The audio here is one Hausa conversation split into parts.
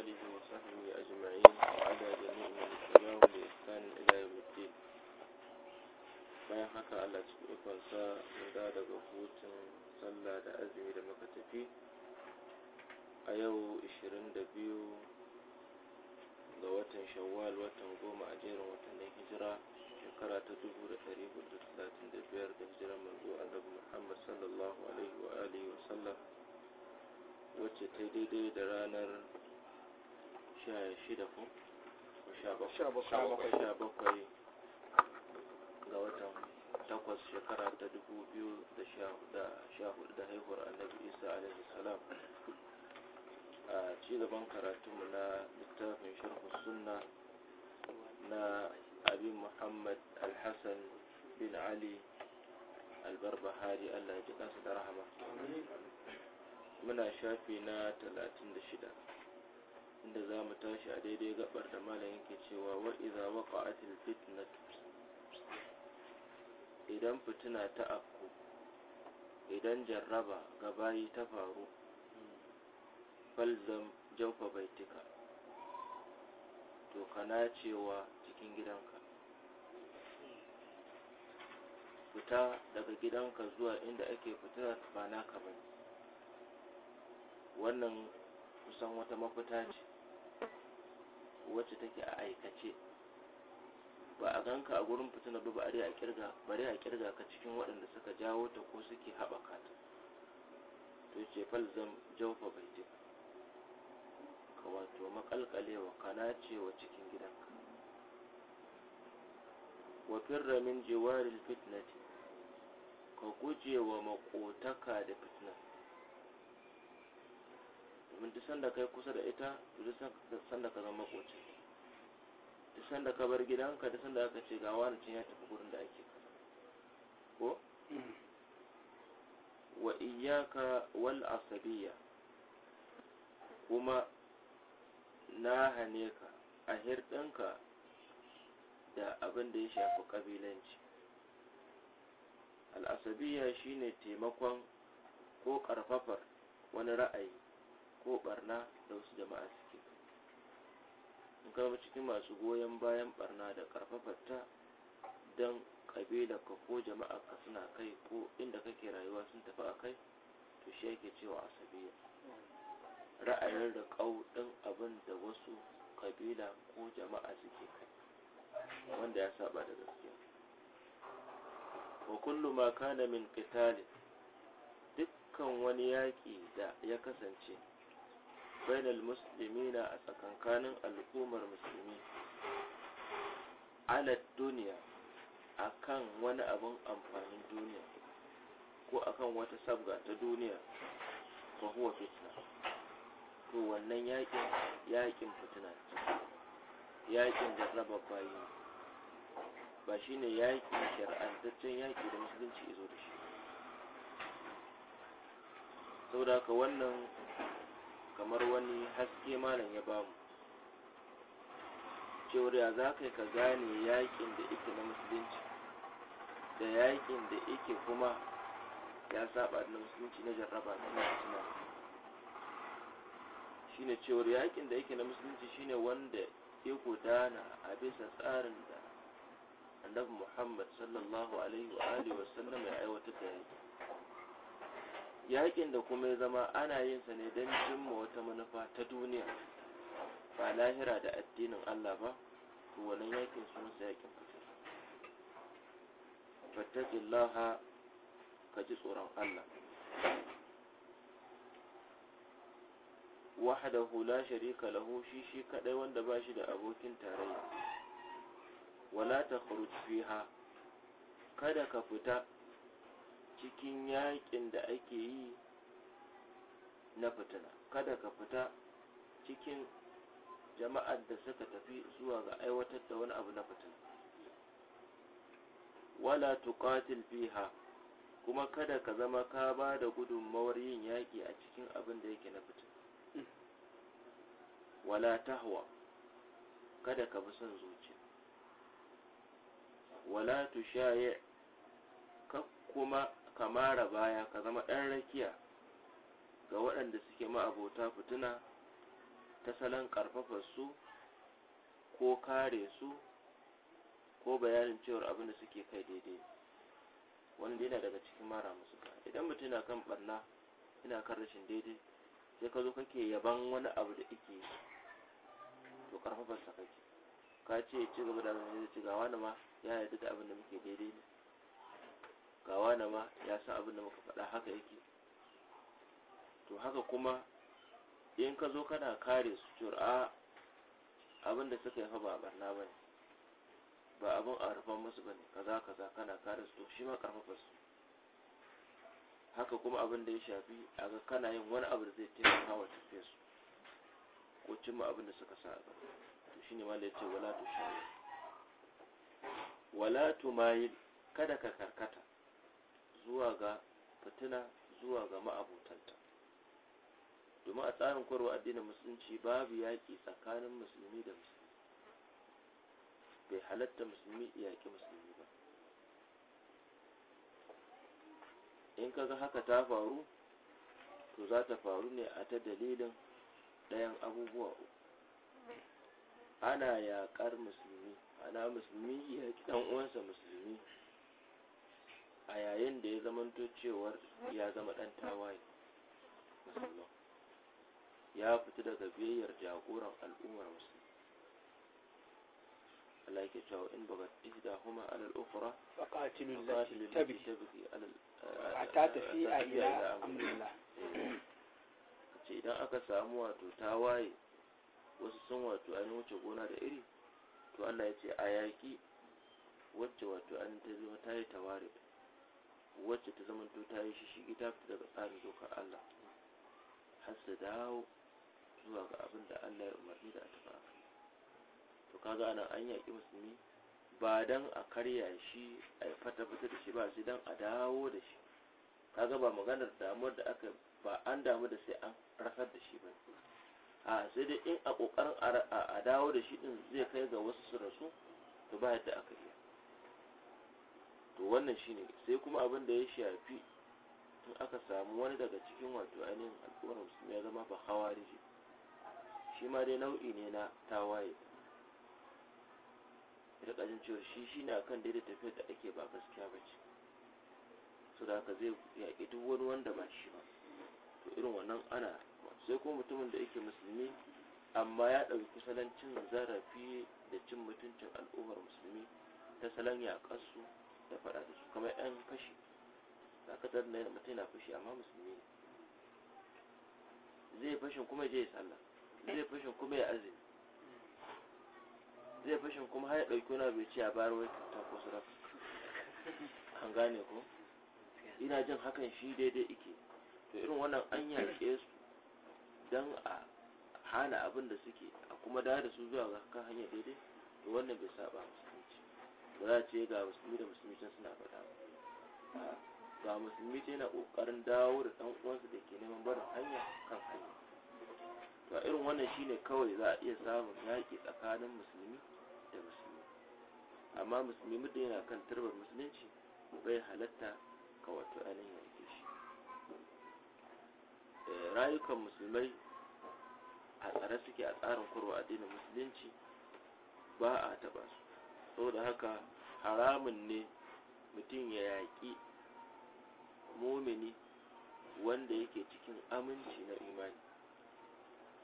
آله وصحبه أجمعين وعلى جميع من اتبعهم بإحسان إلى يوم الدين bayan haka Allah cikin ikonsa mun da daga hutun sallah da azumi da muka tafi a yau 22 ga watan shawwal watan goma a jerin watannin hijira shekara ta 1435 da hijirar manzo annabi Muhammad sallallahu alaihi wa alihi wa sallam wacce ta daidai da ranar shida ga watan takwas shekara ta dubu biyu da sha hudu da haihuwar annabi isa alaihi a cigaban karatunmu na littafin sharhu sunna na abin muhammad alhassan bin ali albarbahari allah ya ji kansa da rahama muna shafi na talatin da shida inda za mu tashi a daidai gabar da malam yake cewa wa idza waqa'atil fitnatu idan fitina ta afku idan jarraba gabayi ta faru falzam jaufa baitika to kana cewa cikin gidanka fita daga gidanka zuwa inda ake fitina ba naka ba wannan kusan wata mafita ce wacce take a aikace ba a ganka a gurin fitina ba bari a kirga a kirga ka cikin waɗanda suka jawo ta ko suke haɓaka ta to ce falzam jaufa bai ka wato makalkalewa kana cewa cikin gidanka wa firra min jiwarin fitnati ka guje wa makotaka da fitnati domin duk sanda kai kusa da ita duk sanda ka zama makoci duk sanda ka bar gidanka duk sanda aka ce ga wani ya tafi gurin da ake kaza ko mm. wa iyaka wal asabiya kuma na hane ka a hirɗinka da abin da ya shafi ƙabilanci al'asabiya shine taimakon ko ƙarfafar wani ra'ayi ko barna da wasu jama'a suke in kama cikin masu goyon bayan ɓarna da karfafarta don ka ko ka suna kai ko inda kake rayuwa sun tafi a kai to shi yake cewa asabiya ra'ayin da ɗin abin da wasu kabila ko jama'a suke kai wanda ya saba da gaskiya wa kullu ma kana min qitalin dukkan wani yaƙi da ya kasance Fainal bainal na a tsakankanin al'ummar musulmi ala duniya akan wani abin amfanin duniya ko akan wata sabga ta duniya fa huwa fitna to wannan yakin yakin fitina yakin jarraba bayi ba shine yakin shar'antaccen yaki da musulunci ya zo da shi saboda haka wannan kamar wani haske malam ya bamu cewar ya za ka ka gane yakin da ike na musulunci da yakin da ike kuma ya saba da musulunci na jarraba da na Shi shine cewar yakin da yake na musulunci shine wanda ya gudana a bisa tsarin da annabi muhammad sallallahu alaihi wa alihi wasallam ya aiwatar da yake yakin da kuma ya zama ana yin sa ne don cimma wata manufa ta duniya ba lahira da addinin Allah ba to wannan yakin sa yakin fatar fattaqillaha ka ji tsoron Allah wahdahu la sharika lahu shi shi kadai wanda ba shi da abokin tarayya wala takhruj fiha kada ka fita cikin yaƙin da ake yi na fitina kada ka fita cikin jama'ar da suka tafi zuwa ga aiwatar da wani abu na fitina wala tuqatil fiha kuma kada ka zama ka ba da gudunmawar yin yaƙi a cikin abin da yake na fitina wala tahwa kada ka bi son zuciya wala tushaye ka kuma Ka mara baya ka zama ɗan rakiya ga waɗanda suke ma'abota fituna ta salon su ko kare su ko bayanin cewar abin da suke kai daidai wanda yana daga cikin mara musu ka idan mutum na kan barna yana kan rashin daidai sai ka zo kake yaban wani abu da ike to karfafarsa kake ka ce ci gaba da abin da ci gawa ma ya yarda da abin da muke daidai ne gawa na ma ya san abin da muka faɗa haka yake to haka kuma in ka zo kana kare su cewar a abin da suka yafa ba barna ba ne ba abin a rufan musu ba ne kaza kaza kana kare su to shi ma karfafa su haka kuma abin da ya shafi a ga kana yin wani abu da zai taimaka wa tafiya su ko cimma abin da suka sa a to to ne ma da ya ce wala tu shayi wala tu yi kada ka karkata zuwa ga fitina zuwa ga ma'abutanta domin a tsarin kwarwa addinin musulunci babu yaƙi tsakanin musulmi da musulmi bai halatta musulmi yaƙi musulmi ba in kaga haka ta faru to za ta faru ne a ta dalilin ɗayan abubuwa uku ana yaƙar musulmi ana musulmi yaƙi ɗan uwansa musulmi a yayin da ya zamanto cewar ya zama ɗan tawaye ya fita daga biyayyar jagoran al'ummar musu Allah yake cewa in ba ihda huma ala al-ukhra fa qatilu allati tabghi ala atata fi ila amrillah ce idan aka samu wato tawaye wasu sun wato an wuce gona da iri to Allah ya ce a yaƙi wacce wato an ta zo ta yi tawari wacce ta zama ta yi shi shi ita fita daga tsarin dokar Allah har su dawo zuwa ga abin da Allah ya umarni da a tafi a kai to kaga anan an yaƙi musulmi ba dan a karya shi a fata fita da shi ba sai dan a dawo da shi kaga ba maganar damuwar da aka ba an damu da sai an rasar da shi ba a sai dai in a kokarin a dawo da shi din zai kai ga wasu su rasu to ba yadda aka yi to wannan shine sai kuma abin da ya shafi in aka samu wani daga cikin wato ainihin al'ummar musulmi ya zama ba hawariji shi ma dai nau'i ne na tawaye ita kajin cewa shi shi ne akan daidai tafiyar da ake ba gaskiya ba ce su da haka zai yaƙi duk wani wanda ba shi ba to irin wannan ana sai kuma mutumin da yake musulmi amma ya ɗauki salon cin zarafi da cin mutuncin al'ummar musulmi ta salon yaƙarsu da faɗa da su kamar yan fashi za ka zarna yana mutum yana fashi amma musulmi ne zai fashin kuma je ya sallah zai fashin kuma ya azumi zai fashin kuma har ya ɗauki wani abu ya ce a bayar wai ta ko sarafa an gane ko ina jin hakan shi daidai ike to irin wannan an yaƙe su don a hana abin da suke a kuma da su zuwa ga kan hanyar daidai to wannan bai saba musu ba za ce ga musulmi da musulmi can suna faɗa ga musulmi ce na ƙoƙarin dawo da ɗan uwansu da ke neman barin hanya kan hanya to irin wannan shine kawai za a iya samun yaƙi tsakanin musulmi da musulmi amma musulmi muddin yana kan turbar musulunci bai halatta ka wato ainihin yanke shi eh, rayukan musulmai a tsare suke a tsarin kurwa addinin musulunci ba a taɓa su saboda haka haramun ne mutum ya yaƙi mumini wanda yake cikin aminci na imani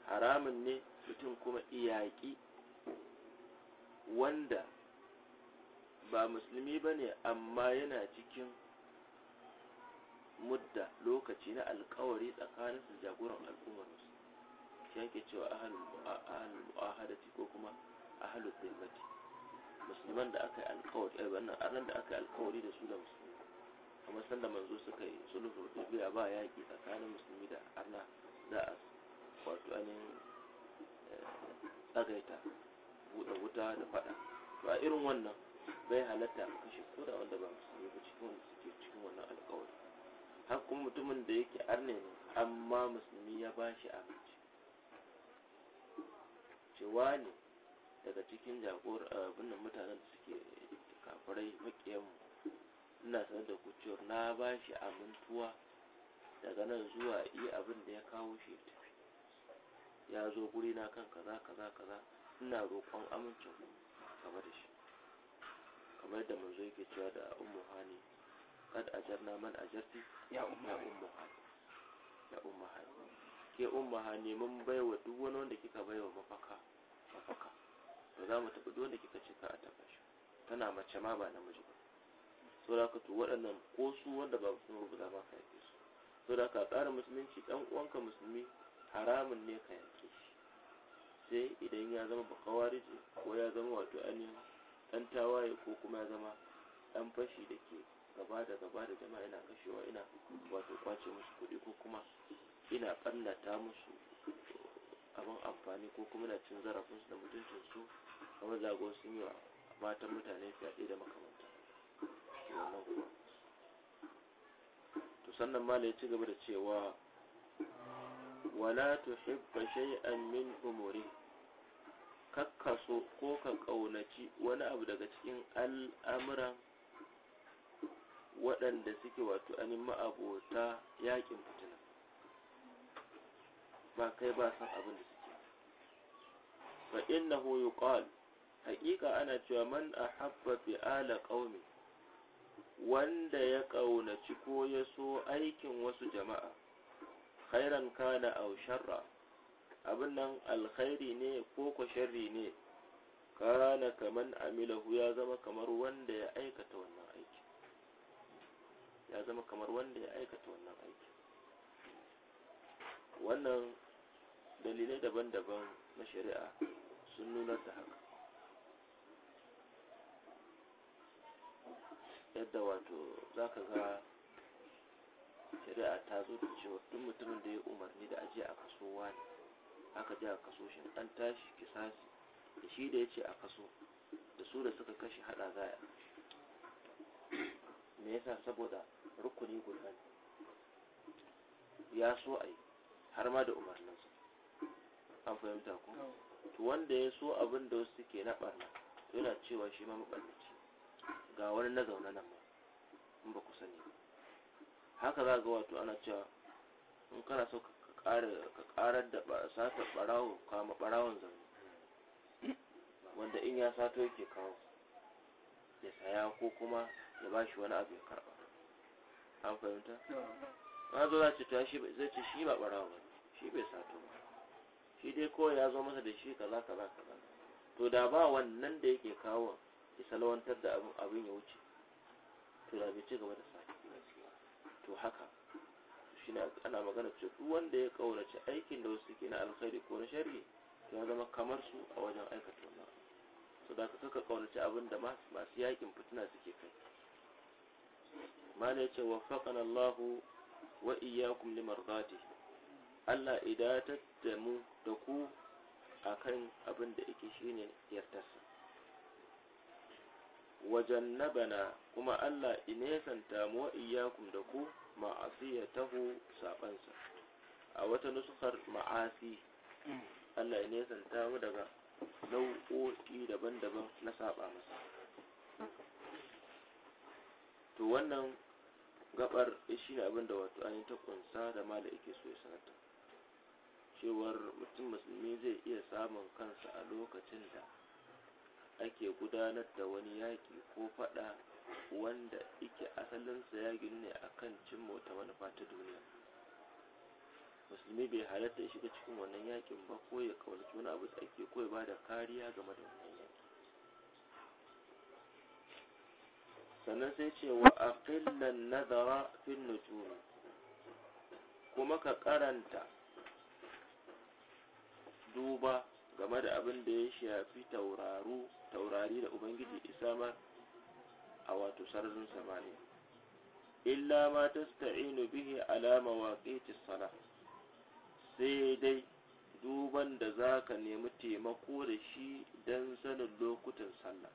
haramun ne mutum kuma iyaƙi wanda ba musulmi ba ne amma yana cikin mudda lokaci na alkawari tsakanin su jagoran al'ummar musu shi yake cewa ahalul mu'ahadati ko kuma ahalul zimmati musulman da aka yi alkawari eh, a ran da aka yi alkawari da su da musulmi kamar sanda manzo suka yi sulhu da ba yaki tsakanin musulmi da allah za a wato ainihin eh, tsagaita buɗe wuta da faɗa to a irin wannan bai halatta a kashe ko da wanda ba musulmi ba cikin wanda suke cikin wannan alkawari har kuma mutumin da yake arne ne amma musulmi ya ba shi abinci cewa ne daga cikin jagor eh, abin mutanen da suke kafirai makiyanmu ina sanar da ku cewar na ba shi amintuwa daga nan zuwa iya abin da ya kawo shi ya zo guri na kan kaza kaza kaza ina roƙon amincin ku game da shi kamar da manzo yake cewa da ummu hani kad ajarna man ajarti ya ummu hani ya ummu hani ke ummu hani mun baiwa duk wani wanda kika baiwa mafaka mafaka to za mu tafi dole kika ce ka a taɓa shi tana mace ma ba namiji ba so da ka to waɗannan ko su wanda ba musulmi ba za ma ka yaƙe su so da ka ƙara musulunci ɗan uwanka musulmi haramun ne ka yanke shi sai idan ya zama bakawariji ko ya zama wato ainihin ɗan tawaye ko kuma ya zama ɗan fashi da ke gaba da gaba da jama'a ina kashewa ina wato kwace musu kuɗi ko kuma ina ƙannata musu abin amfani ko kuma na cin zarafinsu da su. kamar zago sun yi wa matan mutane fyaɗe da makamanta wannan to sannan mala ya ci gaba da cewa wala tuhibba shay'an min umuri kakkaso ko ka ƙaunaci wani abu daga cikin al'amuran waɗanda suke wato anin ma'abota yakin fitina ba kai ba san abin da suke fa innahu yuqal haƙiƙa ana cewa man a habba fi'ala ƙaumi wanda ya ƙaunaci ko ya so aikin wasu jama'a khairan kana au sharra abin nan alkhairi ne ko ko sharri ne kana kaman amilahu ya zama kamar wanda ya aikata wannan aiki ya zama kamar wanda ya aikata wannan aiki wannan dalilai daban-daban na shari'a sun nuna da haka yadda wato za ka ga shari'a ta zo da cewa duk mutumin da ya umarni da aje a kaso wani aka je a kaso shi an tashi kisasi da shi da ya ce a kaso da su da suka kashe hada zaya me yasa saboda rukuni guda ya so a yi har ma da umarninsa an fahimta ku to wanda ya so abin da wasu suke na barna yana cewa shi ma mabarnaci ga wani na zaune nan ma in ba ku sani haka za ga wato ana cewa in kana so ka karar da sata barawo kama barawon zaune wanda in ya sato yake kawo ya saya ko kuma ya ba shi wani abu ya karba an fahimta na zo za ce ta zai ce shi ba barawo ba shi bai sato ba shi dai kawai ya zo masa da shi kaza kaza kaza to da ba wannan da yake kawo ya salawantar da abin ya wuce to da bai ci gaba da sake to haka shi ne ana magana ce duk wanda ya kaurace aikin da wasu ke na alkhairi ko na shar'i to ya zama kamar su a wajen aikata wannan so da ka kaka kaurace abin da masu yakin fitina suke kai mala yace waffaqana Allahu wa iyyakum limardati Allah idatar da mu da ku akan abin da yake shine yartarsa wajannabana kuma Allah inesanta mu wa iyyakum da ku ma'asiyatahu sabansa a wata nusukar ma'asi Allah inesanta mu daga nau'o'i daban-daban na saba masa to wannan gabar shi ne abinda wato an yi ta kunsa da mala yake so ya sanata cewar mutum musulmi zai iya samun kansa a lokacin da ake gudanar da wani yaƙi ko faɗa wanda ike asalinsa ya ginu ne a kan cimma wata manufa ta duniya musulmi bai halatta ya shiga cikin wannan yaƙin ba ko ya kawarci wani abu da ake ko ya ba da kariya game da wannan yaƙi sannan sai ce wa aqillan nazara fin nujum kuma ka karanta duba game da abin da ya shafi tauraru taurari da ubangiji isa ma a wato sararin samani illa ma sta'inu bihi ala mawaqiti salah sai dai duban da za ka nemi taimako da shi don sanin lokutan sallah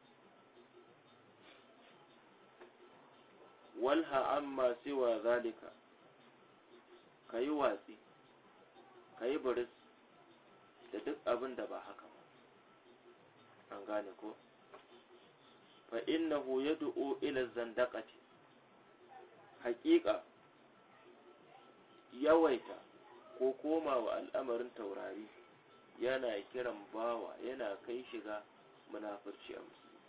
walha amma siwa zalika yi watsi Ka yi baris da duk abin da ba haka ba an gane ko fa innahu yad'u ila zandaqati haƙiƙa yawaita ko koma wa al'amarin taurari yana kiran bawa yana kai shiga munafurci a musulunci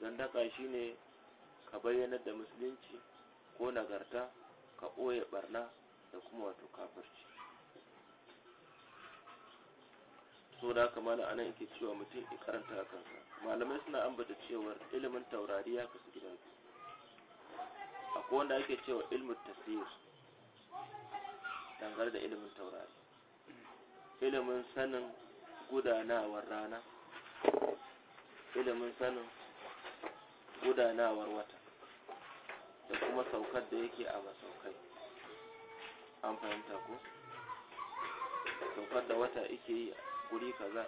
zandaka shine ka bayyanar da musulunci ko nagarta ka ɓoye barna da kuma wato kafirci so da haka mana anan yake cewa mutum ya karanta kansa malamai suna ambata cewar ilimin taurari ya kasu gida akwai wanda ake cewa ilimin tasir dangar da ilimin taurari ilimin sanin gudanawar rana ilimin sanin gudanawar wata da kuma saukar da yake a masaukai an fahimta ko saukar da wata yake yi guri kaza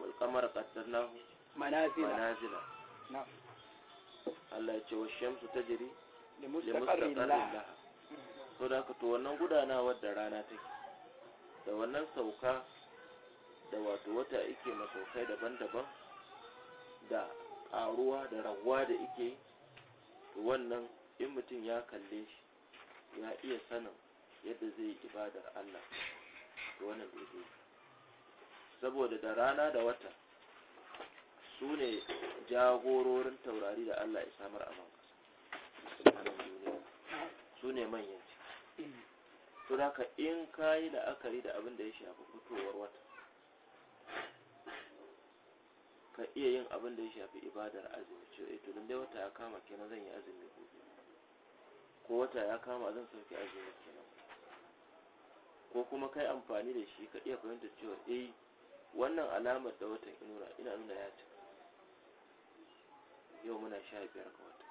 wal qamara qaddarnahu manazila manazila Allah ya ce wa shamsu jiri, da mustaqarrin laha So da ka to wannan gudanawar da rana take da wannan sauka da wato wata ike masaukai daban-daban da ƙaruwa da raguwa da yake to wannan in mutum ya kalle shi ya iya sanin yadda zai yi ibadar Allah to wannan daidai saboda da rana da wata su ne jagororin taurari da Allah ya samar a bankasa su ne manyan ci. su haka in ka yi la'akari da abin da ya shafi fitowar wata ka iya yin abin da ya shafi ibadar azumi ce eh don dai wata ya kama kenan zan yi azumi gobe ko wata ya kama zan sauke azumi kenan ko kuma kai amfani da shi ka iya wannan alamar da watan inura ina nuna ya ci yau muna sha biyar ga wata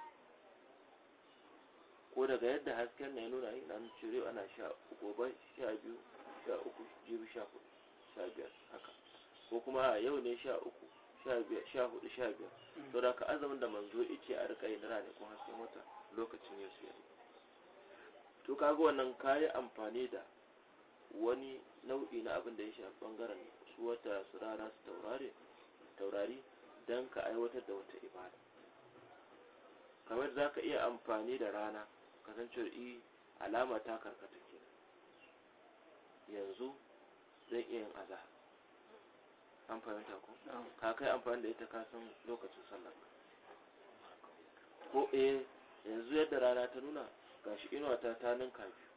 ko daga yadda hasken na ya nuna ina nuna cire ana sha gobe sha biyu sha uku jibi sha hudu sha biyar haka ko kuma yau ne sha uku sha hudu sha biyar to mm. da ka azumin da manzo ike a rika yin rane ko hasken wata lokacin ya su yayi to kaga wannan kayi amfani da wani nau'i na abin da ya shafi bangaren wata su rana su taurari don ka aiwatar da wata ibada kamar za ka iya amfani da rana kasancewar i eh, alama ta karkata ke yanzu zan iya yin aza an fahimta ko ka kai amfani da ita kasan lokacin sallar ko eh yanzu yadda rana ta nuna gashi inuwa ta ta ninka biyu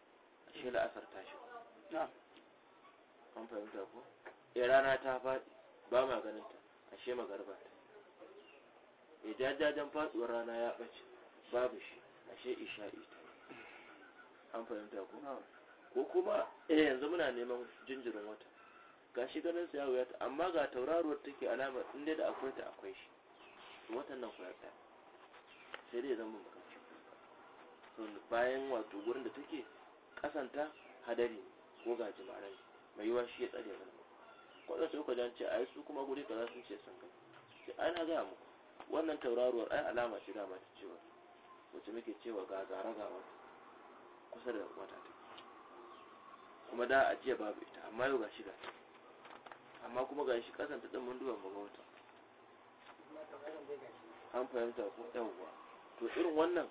ashe la'asar ta shi an fahimta ko ya eh, rana ta faɗi ba ma ganin ta ashe magarba ta ya eh, jajajen faɗuwar rana ya ɓace babu shi ashe isha'i ta an fahimta ko ko kuma eh yanzu muna neman jinjirin wata gashi ganin sa ya ta amma ga tauraruwar take alamar inda da akwai ta akwai shi watan nan kuwa ta sai dai zan bambaka bayan wato gurin da take kasanta hadari ko ga jimaren mai yiwa shi ya tsare mana waɗansu uku dan ce yi su kuma guri kaza sun ce sun ga ai na gaya muku wannan tauraruwar ai alama ce dama ta cewa wacce muke cewa ga gara ga wata kusa da wata ta kuma da a jiya babu ita amma yau ga shi ga amma kuma ga shi kasan ta ɗan duban ba wata an fahimta ko yawwa to irin wannan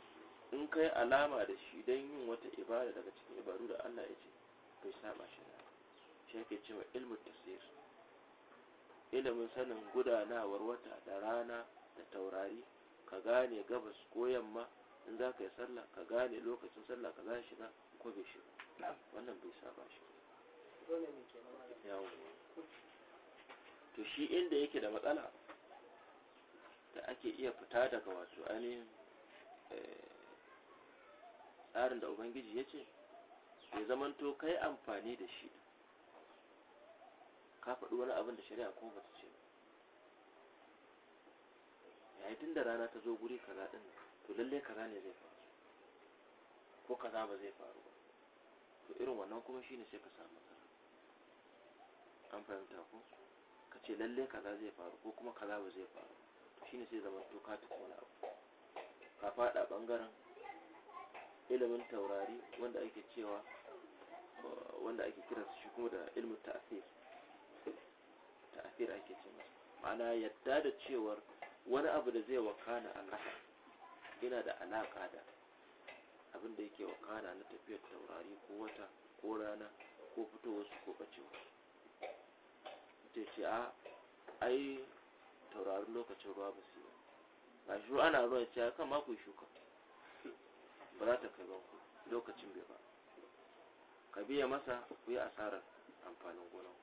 in kai alama da shi don yin wata ibada daga cikin ibadu da Allah ya ce bai saba shi na shi yake cewa ilmu tafsir ilimin sanin gudanawar wata da rana da taurari ka gane gabas ko yamma in za ka yi sallah ka gane lokacin sallah ka za shiga ko bai shiga wannan bai saba shi to shi inda yake da matsala da ake iya fita daga wasu ainihin eh, tsarin da ubangiji ya ce ya zamanto kai amfani da shi ka faɗi wani abin da shari'a kuma bata ce ba yayi tun da rana ta zo guri kaza din to lalle kaza ne zai faru ko kaza ba zai faru ba to irin wannan kuma shine sai ka samu matsala an fahimta ko ka ce lalle kaza zai faru ko kuma kaza ba zai faru to shine sai zama to ka tuka wani abu ka faɗa ɓangaren ilimin taurari wanda ake cewa wanda ake kiransa shi kuma da ilimin ta'asir takdir ake ce masa ma'ana yadda da cewar wani abu da zai wakana a ƙasa yana da alaƙa da abin da yake wakana na tafiyar taurari ko wata ko rana ko su ko ɓacewa. ce ce a ai taurarin lokacin ruwa ba su yi ba shi ana ruwa ce a kan mako shuka ba za ta kai ba lokacin bai ba ka biya masa ku yi asarar amfanin gonan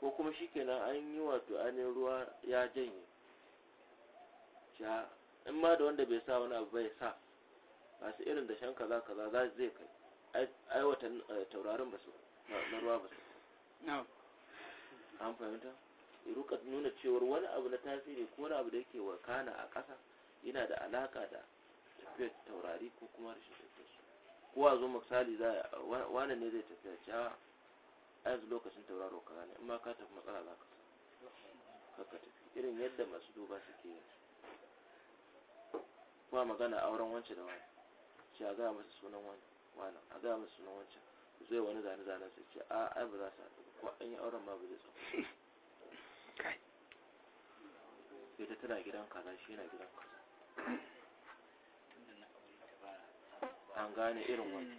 ko kuma shi kenan an yi wato ainihin ruwa ya janye ja in ma da wanda bai sa wani abu bai sa masu irin da shan kaza kaza za zai kai aiwata eh, taurarin basu na ruwa basu an fahimta ruka nuna cewar wani abu na tasiri ko wani abu da yake kana a ƙasa yana da alaka da tafiyar taurari ko kuma rashin tafiyar su ko a zo misali za wane ne zai tafiya cewa az lokacin tauraro kaza ne amma ka tafi matsala za ka ka tafi irin yadda masu duba suke yin ba magana auren wance da wani ce a gaya masa sunan wani wani a gaya masa sunan wancan zai wani zane zanen su. ce a ai ba za su haɗu ko an yi auren ma ba zai tsawo sai tana gidan kaza shi yana gidan kaza an gane irin wani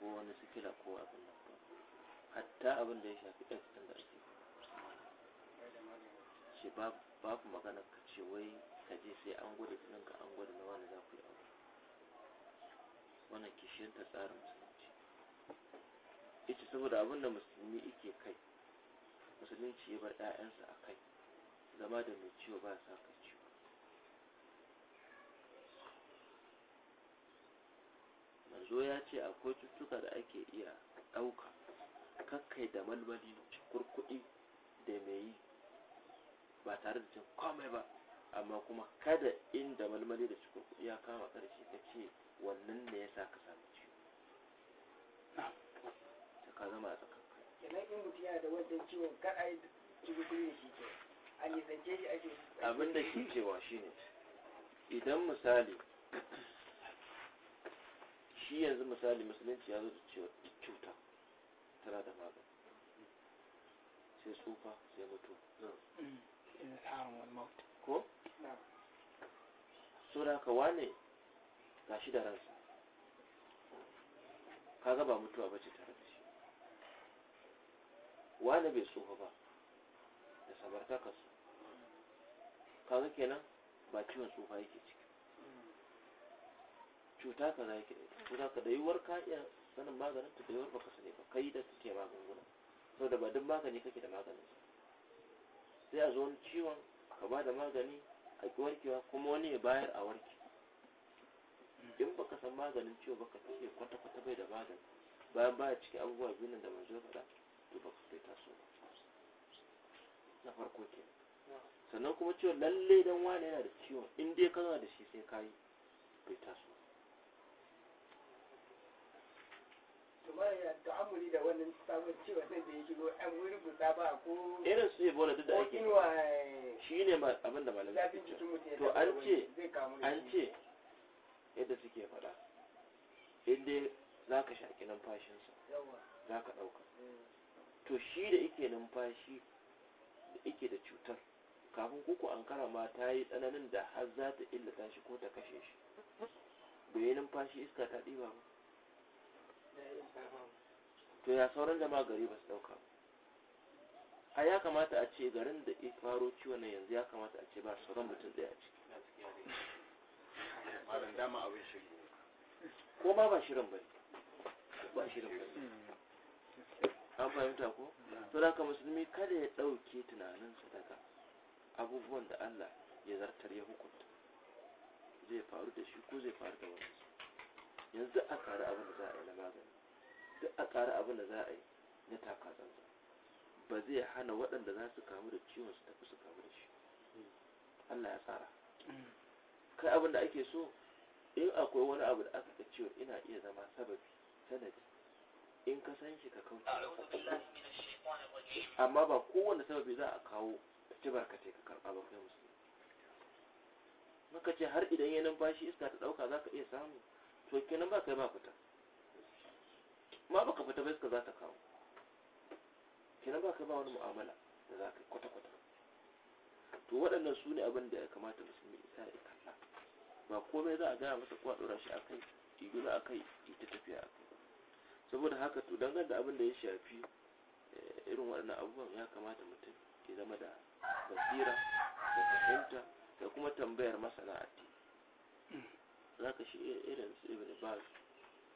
ko wani sikila ko abin nan ba hatta abin da ya shafi x ɗin da ake shi babu magana ka ce wai ka je sai an gwada jinin ka an gwada na wani za ku yi aure wannan kishiyar ta tsarin musulunci ita saboda abin da musulmi ike kai musulunci ya bar 'ya'yansa a kai zama da mai ciwo ba sa kai zo ya ce akwai cututtuka da ake iya ɗauka kakkai da malmali kurkuɗi da mai yi ba tare da cin komai ba amma kuma kada inda malmali da cikin ya kama ƙarshe ka ce wannan ne ya sa ka samu ciwo ta ka zama a tsakankai kenan in mutum yana da wannan ciwon a yi cikin da shi ke a shi ake abin da ke cewa shine idan misali shi yanzu misali musulunci ya zo da cewa duk cuta tana da magani sai tsufa sai mutu ko? so da ka wane ga shi da ransa ka ba mutuwa ba ce tare da shi wane bai tsufa ba da Ka ga kenan ba ciwon tsufa yake ciki cuta ka za ki ko za ka da yiwuwar ka iya sanin maganin ta da yiwuwar baka sani ba kai da suke magunguna saboda ba duk magani kake da maganin sai a zo wani ciwon ka ba da magani a ki warkewa kuma wani ya bayar a warke in baka san maganin ciwo baka take kwata kwata bai da magani bayan baya ciki abubuwa biyu nan da manzo faɗa to baka sai taso na farko ke sannan kuma ciwon lalle dan wani yana da ciwon in dai ka da shi sai kayi bai taso ta'amuli da wannan sabon da ya shigo an ba ko irin su ebola duk da ake eh, shi ne abin da malamai ke ce to an ce an ce yadda suke faɗa inda za ka shaƙi numfashinsa za ka ɗauka eh. to shi da ike numfashi da ike da cutar kafin kuku an ma ta yi tsananin da har za ta illata shi ko ta kashe shi bai yi numfashi iska ta ɗiba ba to ya sauran jama'a gari ba su dauka a ya kamata a ce garin da ya faro ciwo na yanzu ya kamata a ce ba sauran mutum daya a ciki dama abin ko ma ba shirin ba ba shirin ba an fahimta ko to da ka musulmi kada ya ɗauke tunanin daga abubuwan da Allah ya zartar ya hukunta zai faru da shi ko zai faru da wasu yanzu a ƙara abin da za a yi na magani duk a ƙara abin da za a yi na takatsantsa ba zai hana waɗanda za su kamu da ciwon su tafi su kamu da shi Allah ya tsara kai abin da ake so in akwai wani abu da aka ga ciwon ina iya zama sababi sanadi in ka san shi ka kauce amma ba kowane sababi za a kawo ta barkace ka karɓa ba kai musulmi Maka ce har idan ya bashi iska ta ɗauka za ka iya samu to kenan ba kai ba fita ma baka fita ba iska za ta kawo kenan ba kai ba wani mu'amala da za ka kwata-kwata to waɗannan su ne abin da ya kamata musulmi isa ya kalla ba komai za a gaya masa kuwa ɗora shi a kai iguna a kai ita tafiya a kai saboda haka to dangane da abin da ya shafi eh, irin waɗannan abubuwan ya kamata mutum ya zama da basira da fahimta da kuma tambayar masana addini hmm. za ka shi irin su ibn baz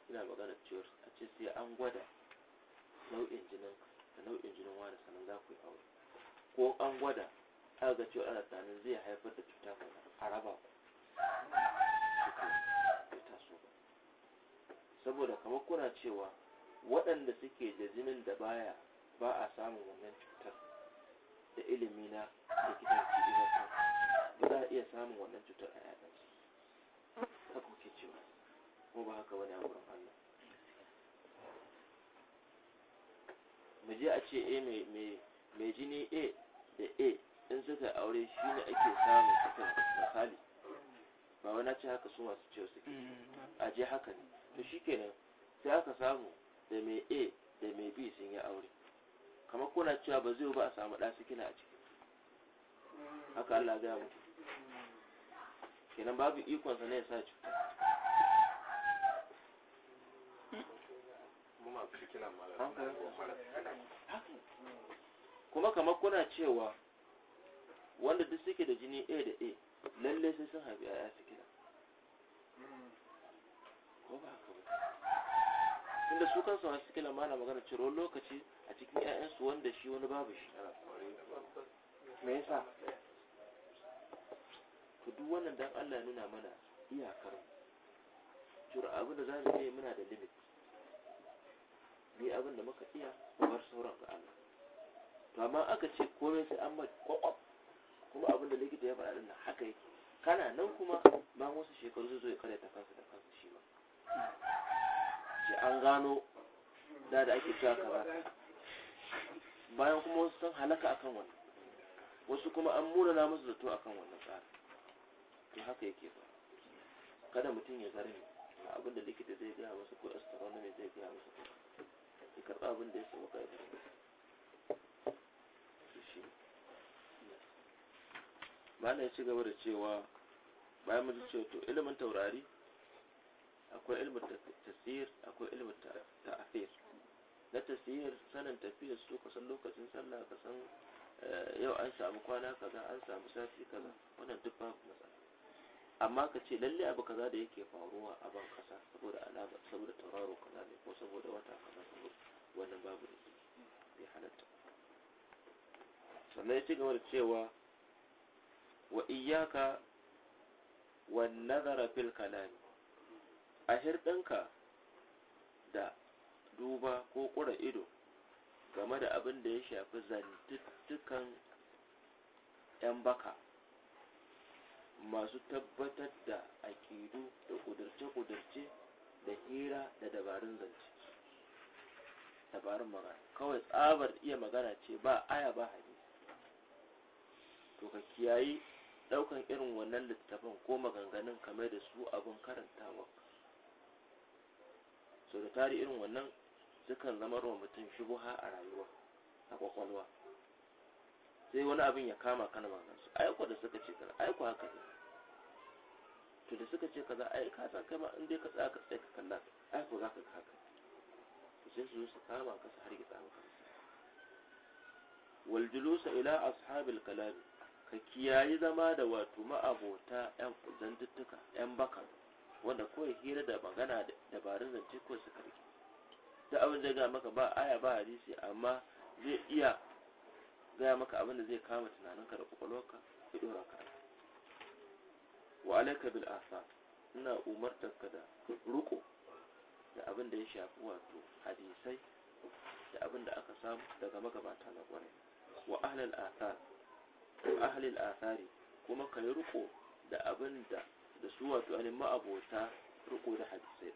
yana magana cewar a ce sai an gwada nau'in jinin da nau'in jinin wani sannan za ku yi aure ko an gwada aka ga cewa ana tunanin zai haifar da cuta kaza a raba ku saboda kamar kuna cewa waɗanda suke da jinin da baya ba a samun wannan cutar da ilimi na likitanci ba za a iya samun wannan cutar a yaɗansu haka muke cewa ko ba haka wani abu Allah mu je a ce eh, a mai jini a da a in suka aure shi ne ake samun suka misali ba wani ce haka su masu ce suke mm-hmm. a je haka ne to shi kenan sai aka samu da mai a da mai b sun yi aure kamar kuna cewa ba zai ba a samu ɗa kina a ciki haka Allah ya mutu kenan babu ikon sa ne ya sa cuta kuma kamar kuna cewa wanda duk suke da jini a da a lalle sai sun haifi a su kira inda su kansu masu kila ma na magana ciro lokaci a cikin 'ya'yansu wanda shi wani babu shi me yasa to duk wannan dan Allah nuna mana iyakar mu jura abin da za mu yi muna da limit ni abin da muka iya bar sauran ga Allah to amma aka ce komai sai an mai kwakwaf kuma abin da likita ya faɗa din nan haka yake kana nan kuma ba wasu shekaru zai zo ya karya kansa da kansa shi ba shi an gano da da ake cewa kaza bayan kuma wasu sun halaka akan wannan wasu kuma an murana musu zato akan wannan tsarin to haka yake ba kada mutum ya gare na abin da likita zai gaya masa ko ne zai gaya masa ko ya karɓa abin da ya samu ka yi Ba na ya ci gaba da cewa bayan mun ce to ilimin taurari akwai ilimin tasir akwai ilimin ta'athir na tasir sanin tafiyar su san lokacin sallah kasan eh, yau an samu kwana kaza an samu sati kaza wannan duk babu matsala amma ka ce lalle abu kaza da yake faruwa a ban kasa saboda alama saboda tauraro kaza ne ko saboda wata kaza saboda wannan babu da ke halatta sannan ya ci gaba da cewa wa iyaka wa nazara fil kalami a hirɗinka da duba ko ƙura ido game da abin da ya shafi zantuttukan 'yan baka masu tabbatar da aƙidu da ƙudurce-ƙudurce da hira da dabarun zance dabarun magana kawai tsabar iya magana ce ba aya ba hadisi to ka kiyayi ɗaukan irin wannan littafin ko maganganun kamar da su abin karantawa so da tari irin wannan sukan zama ruwan mutum shubuha a rayuwa a kwakwalwa sai wani abin ya kama kana magansu aiko da suka ce kana aiko haka ne to da suka ce kaza a yi kasa kai ma in dai ka tsaya ka tsaye ka kalla ai ko za ka haka to sai su zo su kama ka su tsaya maka wal julusa ila ashabil kalam ka kiyayi zama da wato ma'abota yan zantuttuka yan baka wanda kawai hira da magana da dabarun zance kawai su karki da abin zai gaya maka ba aya ba hadisi amma zai iya gaya maka abin da zai kama tunaninka da kwakwalwarka ya dora ka wa alaka bil asa ina umartar ka da ruko da abin da ya shafi wato hadisai da abin da aka samu daga magabata na kwarai wa ahlal athar wa ahlil athari kuma ka yi ruko da abin da da su wato anin ma'abota ruko da hadisai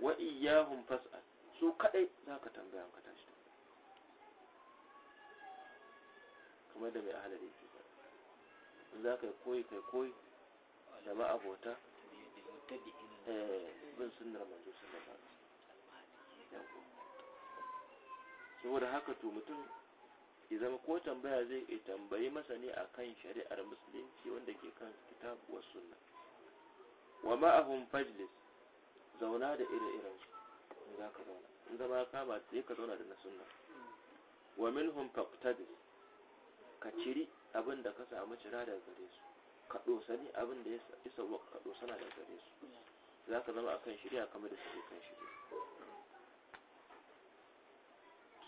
wa iyahum fas'al su kadai zaka tambaya ka tashi kamar da mai ahlal yake in za ka yi koyi kai koyi da ma'abota eh, bin sunnar manzo sallallahu su. saboda haka to mutum ya zama ko tambaya zai iya tambayi masani akan shari'ar musulunci wanda ke kan kitab wa sunna wa ma'ahum fajlis zauna da ire-iren su in za ka zauna in zama kama sai ka zauna da na sunna wa minhum faqtadis ka ciri abin da ka samu cira daga gare su ka dosani abin da ya wa ka dosana daga gare su za ka zama akan shirya kamar da suke kan shirya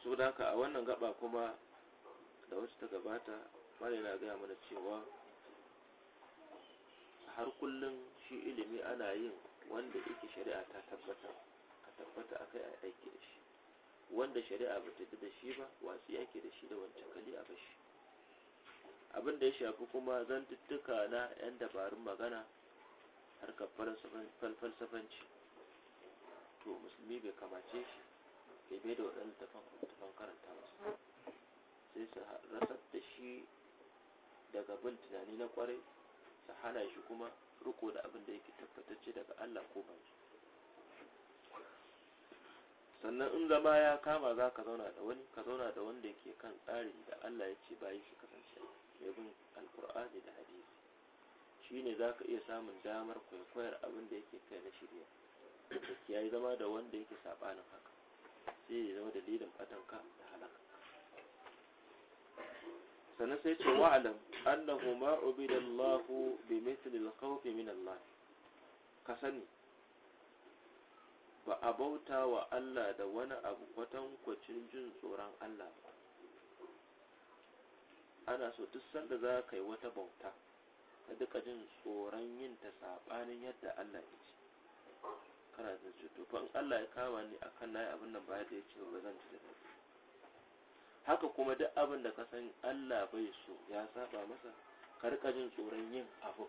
su da ka a wannan gaba kuma da wacce ta gabata mara yana gaya mana cewa har kullum shi ilimi ana yin wanda yake shari'a ta tabbatar ka tabbata akai a aiki da shi wanda shari'a ba ta da shi ba watsi yake da shi da wancan kali a bashi abin da ya shafi kuma zan zantuttuka na 'yan dabarun magana harkar falsafanci to musulmi bai kamace shi ya bai da waɗanda tafan karanta masu sai su rasar da shi daga bin tunani na kwarai su hana shi kuma riko da abin da yake tabbatacce daga allah ko banki sannan in zama ya kama za ka zauna da wani ka zauna da wanda ke kan tsari da allah ya ce bayan shi kasance mai bin alkur'ani da hadisi ne za ka iya samun damar kwaikwayar abin da yake kai na shirya da yi zama da wanda yake saɓanin haka sai ya zama dalilin fatanka da halaka sannan sai ce wa'alam annahu ma ubida Allah bi mithli al-khawf min Allah ka sani ba a bauta wa Allah da wani abu kwatankwacin jin tsoron Allah ba ana so duk sanda za ka yi wata bauta ka duka jin tsoron yin ta saɓanin yadda Allah ya ce kana jin cuto fa in Allah ya kama ni akan nayi abin nan ba da ya ce ba zan ci da haka kuma duk abin da ka san Allah bai so ya saba masa ka rika jin tsoron yin abu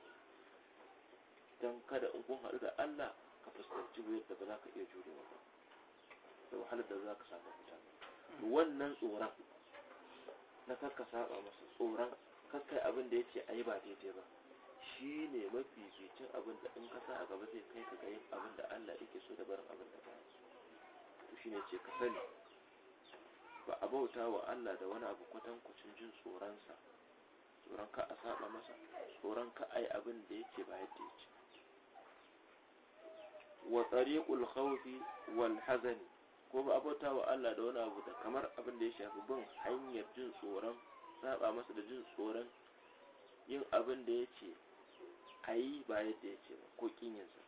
don kada in kun haɗu da Allah ka fuskanci wuyar da ba za ka iya jurewa ba da wahalar da za ka samu mm. wannan tsoron na karka saba masa tsoron karkai abin da yake a yi ba daidai ba shi ne mafi jikin abin da in kasa a gaba zai kai ka ga yin abin da Allah yake so da barin abin da ba to ne ce ka sani ba a bauta wa Allah da wani abu kwatankwacin jin tsoronsa tsoron ka a saba masa tsoron ka a yi abin da yake ba yadda yake wa tsariƙul khawfi wal hazani ko ba abota wa Allah da wani abu da kamar abin da ya shafi bin hanyar jin tsoron saba masa da jin tsoron yin abin da ya ce a yi ba yadda ya ce ba ko kinyinsa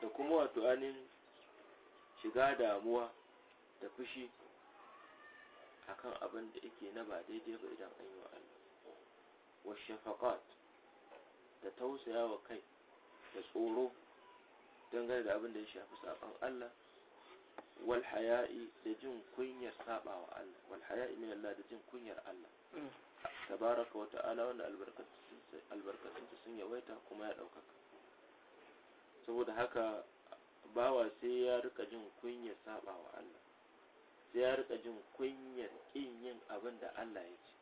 da kuma wato anin shiga damuwa da fushi a kan abin da yake na ba daidai ba idan an yi wa Allah wa shafaqat da tausaya wa kai da tsoro dangane da abin da ya shafi saƙon Allah wal haya'i da jin kunyar sabawa Allah wal haya'i min Allah da jin kunyar Allah mm. tabaraka wa ta'ala wanda albarkatu sun yawaita kuma ya ɗaukaka saboda haka bawa sai ya rika jin kunyar sabawa Allah sai ya rika jin kunyar kin yin abin da Allah ya ce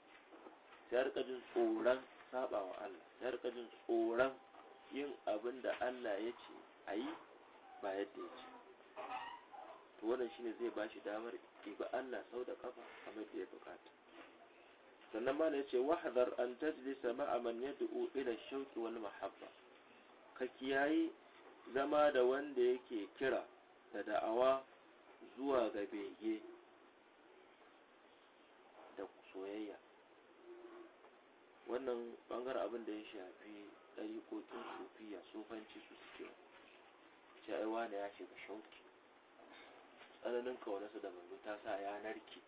sai ya rika jin tsoron sabawa Allah sai ya rika jin tsoron yin abin da Allah ya ce a yi ba yadda ya ce to wannan shine zai ba shi damar ba Allah sau da kafa a da ya bukata sannan ma ce, wahdhar an tajlisa ma'a man yad'u ila shauqi wal mahabba ka kiyayi zama da wanda yake kira da da'awa zuwa ga bege da soyayya wannan bangar abin da ya shafi ɗariƙoƙin sufiya sufanci su suke cewa da ya shiga shauki tsananin kaunarsa da manzo ta sa ya narke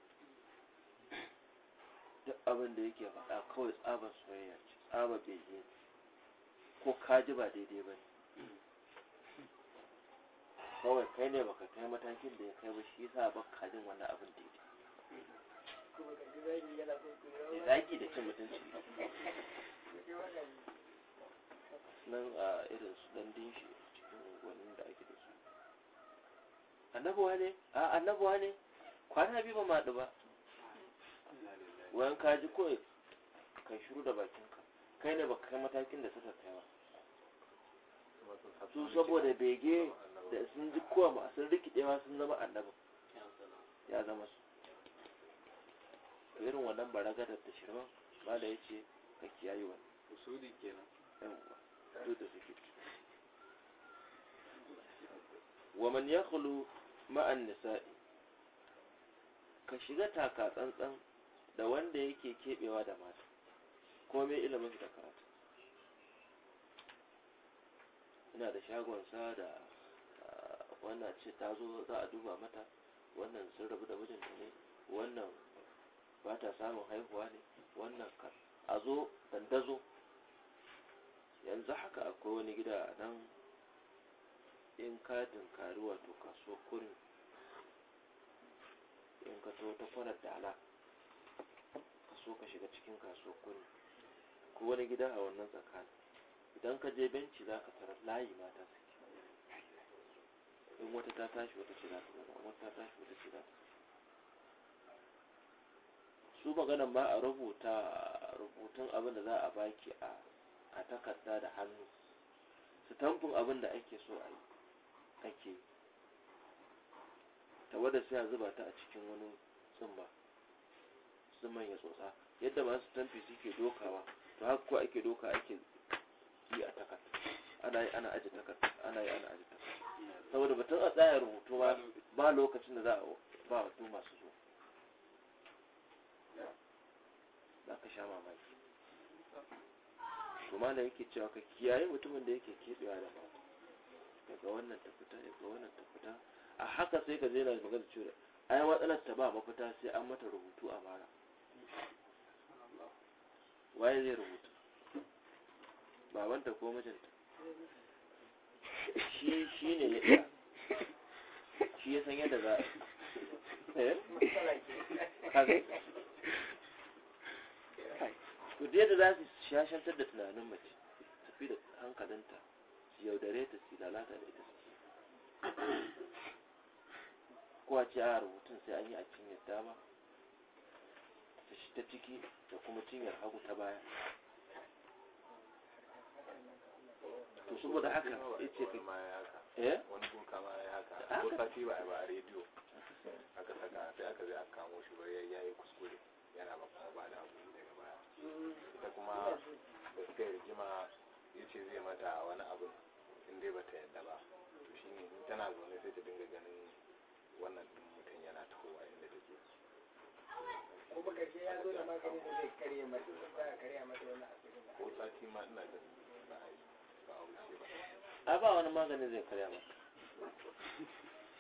duk abin da yake faɗa kawai tsabar soyayya ce tsaba bege ko kaji ba daidai ba ne kawai kai ne baka kai matakin da ya kai ba shi yasa ba kajin wani abin da daidai zaki da cin mutunci nan a irin su dan shi cikin gwanin da ake annabuwa ne a annabuwa ne kwana biyu ba maɗu ba Wani kaji kawai ka shiru da bakinka kai ne ka kai matakin da suka kai ba su saboda bege da sun ji kowa ma sun rikidewa sun zama annabin ya zama su irin wannan baragadar da ba da ya ce ka kiyaye wani usuli kenan yawwa da suke ma'an nisa'i ka shiga taka tsantsan da wanda yake kebewa da mata ko mai ilimin da karatu ina da shagonsa da ah, wannan ce ta zo za a duba mata wannan sun rabu da mijinta ne wannan ba ta samun haihuwa ne wannan ka a zo dandazo yanzu haka akwai wani gida nan in ka tunkari wato kaso kurin in ka to ta kwanar dala ka so ka shiga cikin kaso kurin ko wani gida a wannan tsakanin idan ka je benci za ka tarar layi mata ke. in wata ta tashi wata ce za ta zama wata ta tashi wata ce za ta su maganan ma a rubuta rubutun abin da za a baki a takarda da hannu su tamfin abin da ake so a yi ake tawada sai a zuba ta a cikin wani tsumba tsumman ya tsotsa yadda masu tamfi suke dokawa to haka ko ake doka ake yi a takar ana yi ana aji takar ana yi ana aji takar saboda batun a tsaya rubutu ba lokacin da za a ba wato masu zo za ka sha mamaki kuma da yake cewa ka kiyaye mutumin da yake kebewa da mamaki daga wannan ta fita daga wannan ta fita a haka sai ka zaina ga magana cewa ai matsalar ta ba mafita sai an mata rubutu a bara waye zai rubuta babanta ko mijinta shi ne ya shi ya san yadda za a eh? yadda za su shashantar da tunanin mace tafi da hankalinta su yaudare ta su lalata da ita kowa ce a rubutun sai an yi a cinyar dama ta ciki da kuma cinyar hagu ta baya to su saboda haka ya ce ka eh wani gunka ma ya haka a ko ce ba a ba a rediyo aka saka sai aka zai aka kamo shi bai yi kuskure yana ba kuma ba da abu daga baya ita kuma da suka yi rigima ya ce zai mata wani abu tana zaune sai ta dinga ganin wannan din mutum yana tahowa inda take ko baka ce ya zo da maganin da zai karye mata ko ta karya mata wani asirin ko sati ma ina ganin ba a ba a wuce ba a ba wani maganin zai karya mata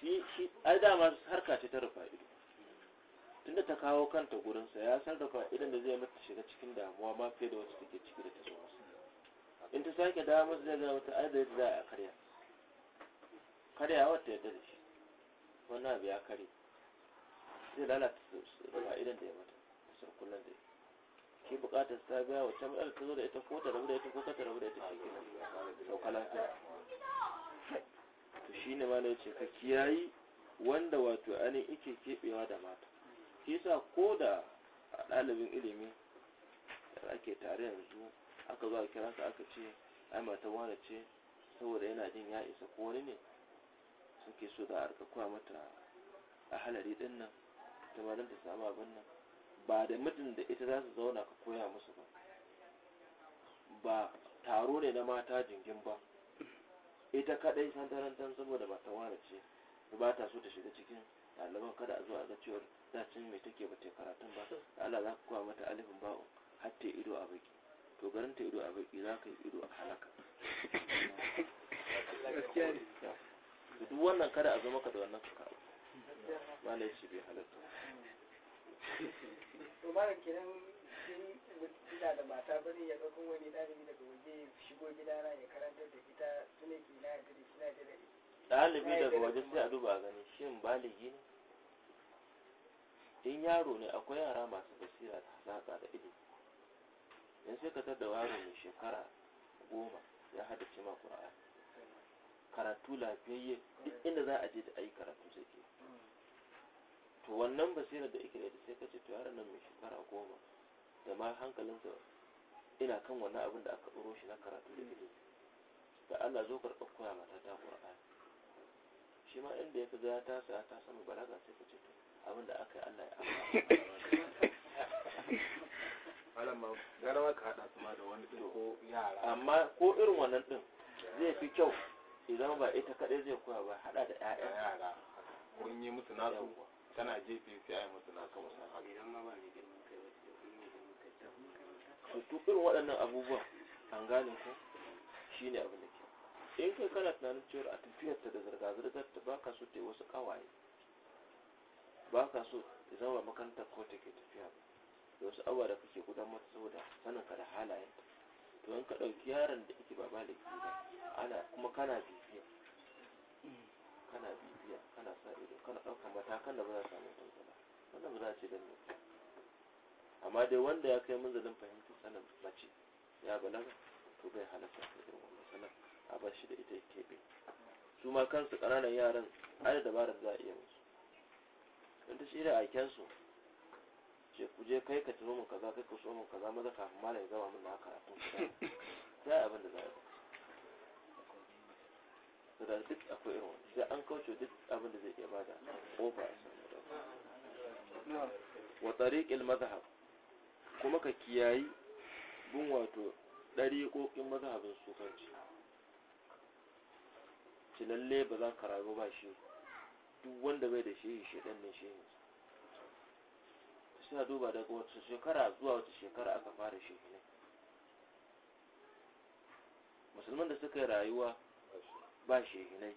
shi shi ai dama harka ce ta rufa ido tunda ta kawo kanta gurinsa ya san rufa da zai mata shiga cikin damuwa ma fiye da wacce take ciki da ta so in ta sake dawo zai zama ta ai da yadda za a karya karya wata yadda da shi wannan abu ya kare zai lalata fa'idan da ya mata da kullum da ke bukatar ta biya wacce matsala ta zo da ita ko ta rabu da ita ko ta rabu da ita shi ke sauka lafiya to shi ne ma na ce ka kiyayi wanda wato ainihin ike keɓewa da mata shi sa ko da a ɗalibin ilimi da ake tare yanzu aka zo a kira ka aka ce ai mata wane ce saboda yana jin ya isa ko wani ne suke so da harka kuwa mata a halari din nan ta ba don ta samu abin nan ba da mutum da ita za su zauna ka koya musu ba ba taro ne na mata jingin ba ita kadai santarantar saboda ba ta wara ce ba ta so ta shiga cikin ɗaliban kada a zuwa ga cewar dacin mai take ba ta karatun ba Allah za ka kowa mata alifin ba'u har ta ido a baki to garin ta ido a baki za ka yi ido a halaka duk wannan kada a zo maka da wannan kaka malai shi bai halatta to malam kenan in ina da mata bari ya ɗauko wani dalibi daga waje shigo gida na ya karanta da ita tune ke na yadda da shi na yadda ɗalibi daga waje sai a duba gani shin baligi ne in yaro ne akwai yara masu basira da hazaƙa da ido in sai ka tattawa yaro mai shekara goma ya haddace cima ƙura'a karatu lafiyayye duk inda za a je da ayi karatu sai ke hmm. to wannan basira da ike da sai ka ce to yaron nan mai shekara goma da ma hankalinsa ina kan wannan abin da aka tsoro shi na karatu da ilimi da Allah zo karɓa koya mata ta Qur'ani shi ma inda ya ga ya tasa ya tasa mai balaga sai ka ce to abin da aka yi Allah ya amma ka haɗa da wani ko yara amma ko irin wannan din zai fi kyau idan ba ita kadai zai koya ba hada da 'ya'ya yara kun yi musu nasu tana jefe sai yi musu nasu idan ma ba mai girman kai ba su irin waɗannan abubuwan an gane shi shine abin da ke in kai kana tunanin cewa a tafiyar ta da zirga-zirgar ta baka so ta yi wasu kawaye baka so ta zama makarantar ko take tafiya ba da wasu abubuwa da kake gudanar saboda sanin ka da halayen ta to ka ɗauki yaron da yake ba baliki ba ana kuma kana bibiya kana bibiya kana sa ido kana ɗaukar matakan da ba za a samu tanzala wannan ba za a ce don mutum amma dai wanda ya kai manzalin fahimtar sanin mace ya balaga to bai halatta ta irin wannan sanar a bar shi da ita yake bi su ma kansu ƙananan yaran ai da dabarar za a iya musu don ta shi da aikensu ce ku je kai ka ciro mun kaza kai ka so mun kaza maza kafin malam ya gama mun na karatu za a abin da za a yi da duk akwai irin wani sai an kauce duk abin da zai iya bada kofa a samu wa tariqil mazhab kuma ka kiyayi bin wato ɗariƙoƙin mazhabin sufanci ci lalle ba za ka rayu ba shi duk wanda bai da shi shi ɗan ne shi ne suna duba daga wata shekara zuwa wata shekara aka fara shekunai musulman da suka rayuwa ba shekinai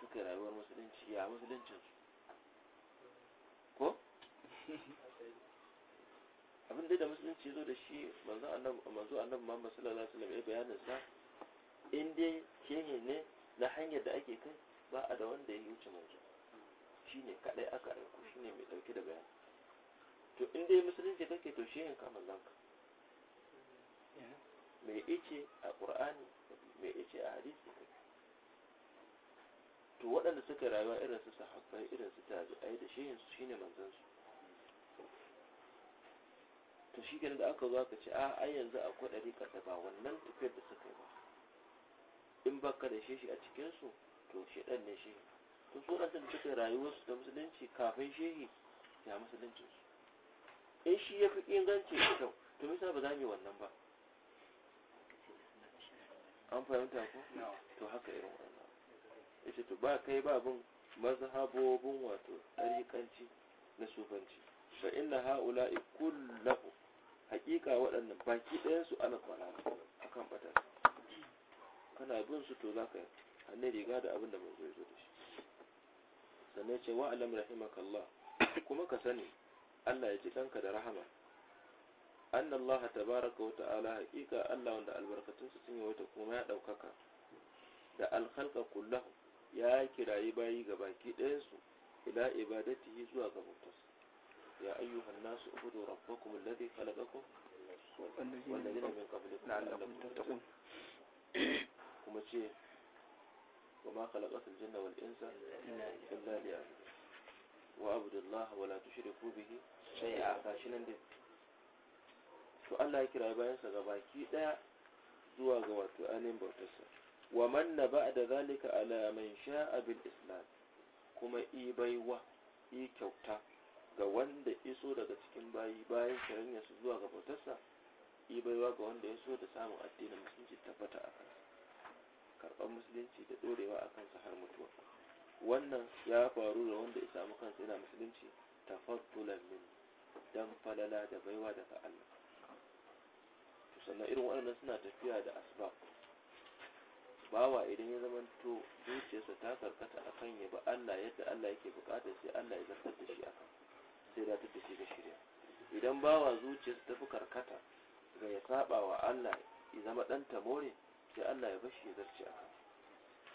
suka rayuwar musulunci ya su ko? abin da musulunci zo da shi manzo a nan sallallahu alaihi wasallam ya bayanin sa in dai kene ne na hanyar da ake kai ba a da wanda ya yi wuce manzo shine kadai aka aiko shine mai dauke da bayani to in dai musulunci kake to shi yanka mallanka me ice a ƙur'ani me ice a hadisi to waɗanda suka rayuwa irin su sahabbai irin su tabi'ai da shi yansu shine manzon su to shi da aka zo aka ce a ai yanzu akwai ɗariƙar da ba wannan tafiyar da suka yi ba in baka da shi a cikin su to ɗan ne shi to su wadanda suka rayuwa su da musulunci kafin shehi ya musulunci su in shi ya fi inganci da kyau to misa ba za mu yi wannan ba an fahimta ko to haka irin wannan yace to ba kai ba bin mazhabobin wato tsarikanci na sufanci fa inna haula kullahu haqiqa waɗannan baki ɗayan su ana kwana akan bata kana bin su to zaka hannun riga da abin da manzo ya zo da shi sannan ce wa alam rahimakallah kuma ka sani Allah ya ji ɗanka da rahama an Allah tabaraka wa ta'ala haƙiƙa Allah wanda albarkatunsa sun yawaita kuma ya ɗaukaka. da alkhalqa kullahu ya kirayi bayi ga baki ɗayan su ila ibadatihi zuwa ga bautarsa ya ayyuhan nasu ubudu rabbakum alladhi khalaqakum والذين من قبلكم لعلكم تتقون kuma ce wa ma khalaqatul jinna wal insa illa liya'budun wa abudullaha wa la tushriku bihi shay'a gashi nan dai to Allah ya kira bayansa ga baki daya zuwa ga wato anin bautarsa wa ba da zalika ala man sha'a bil islam kuma i baiwa i kyauta ga wanda iso daga cikin bayi bayan shari'a su zuwa ga bautarsa i baiwa ga wanda ya so da samun addinin musulunci tabbata a kansa karɓar musulunci da ɗorewa a kansa har mutuwa wannan ya faru da wanda ya samu kansa yana musulunci tafaddulan don falala da baiwa daga Allah to sannan irin waɗannan suna tafiya da asbab bawa idan ya zama to zuciyarsa ta karkata akan ya ba Allah yadda Allah yake bukata sai Allah ya zartar da shi akan sai da ta shi ga shirya idan bawa zuciyarsa ta fi karkata ga ya saba wa Allah ya zama dan tamore sai Allah ya bashi ya zarce akan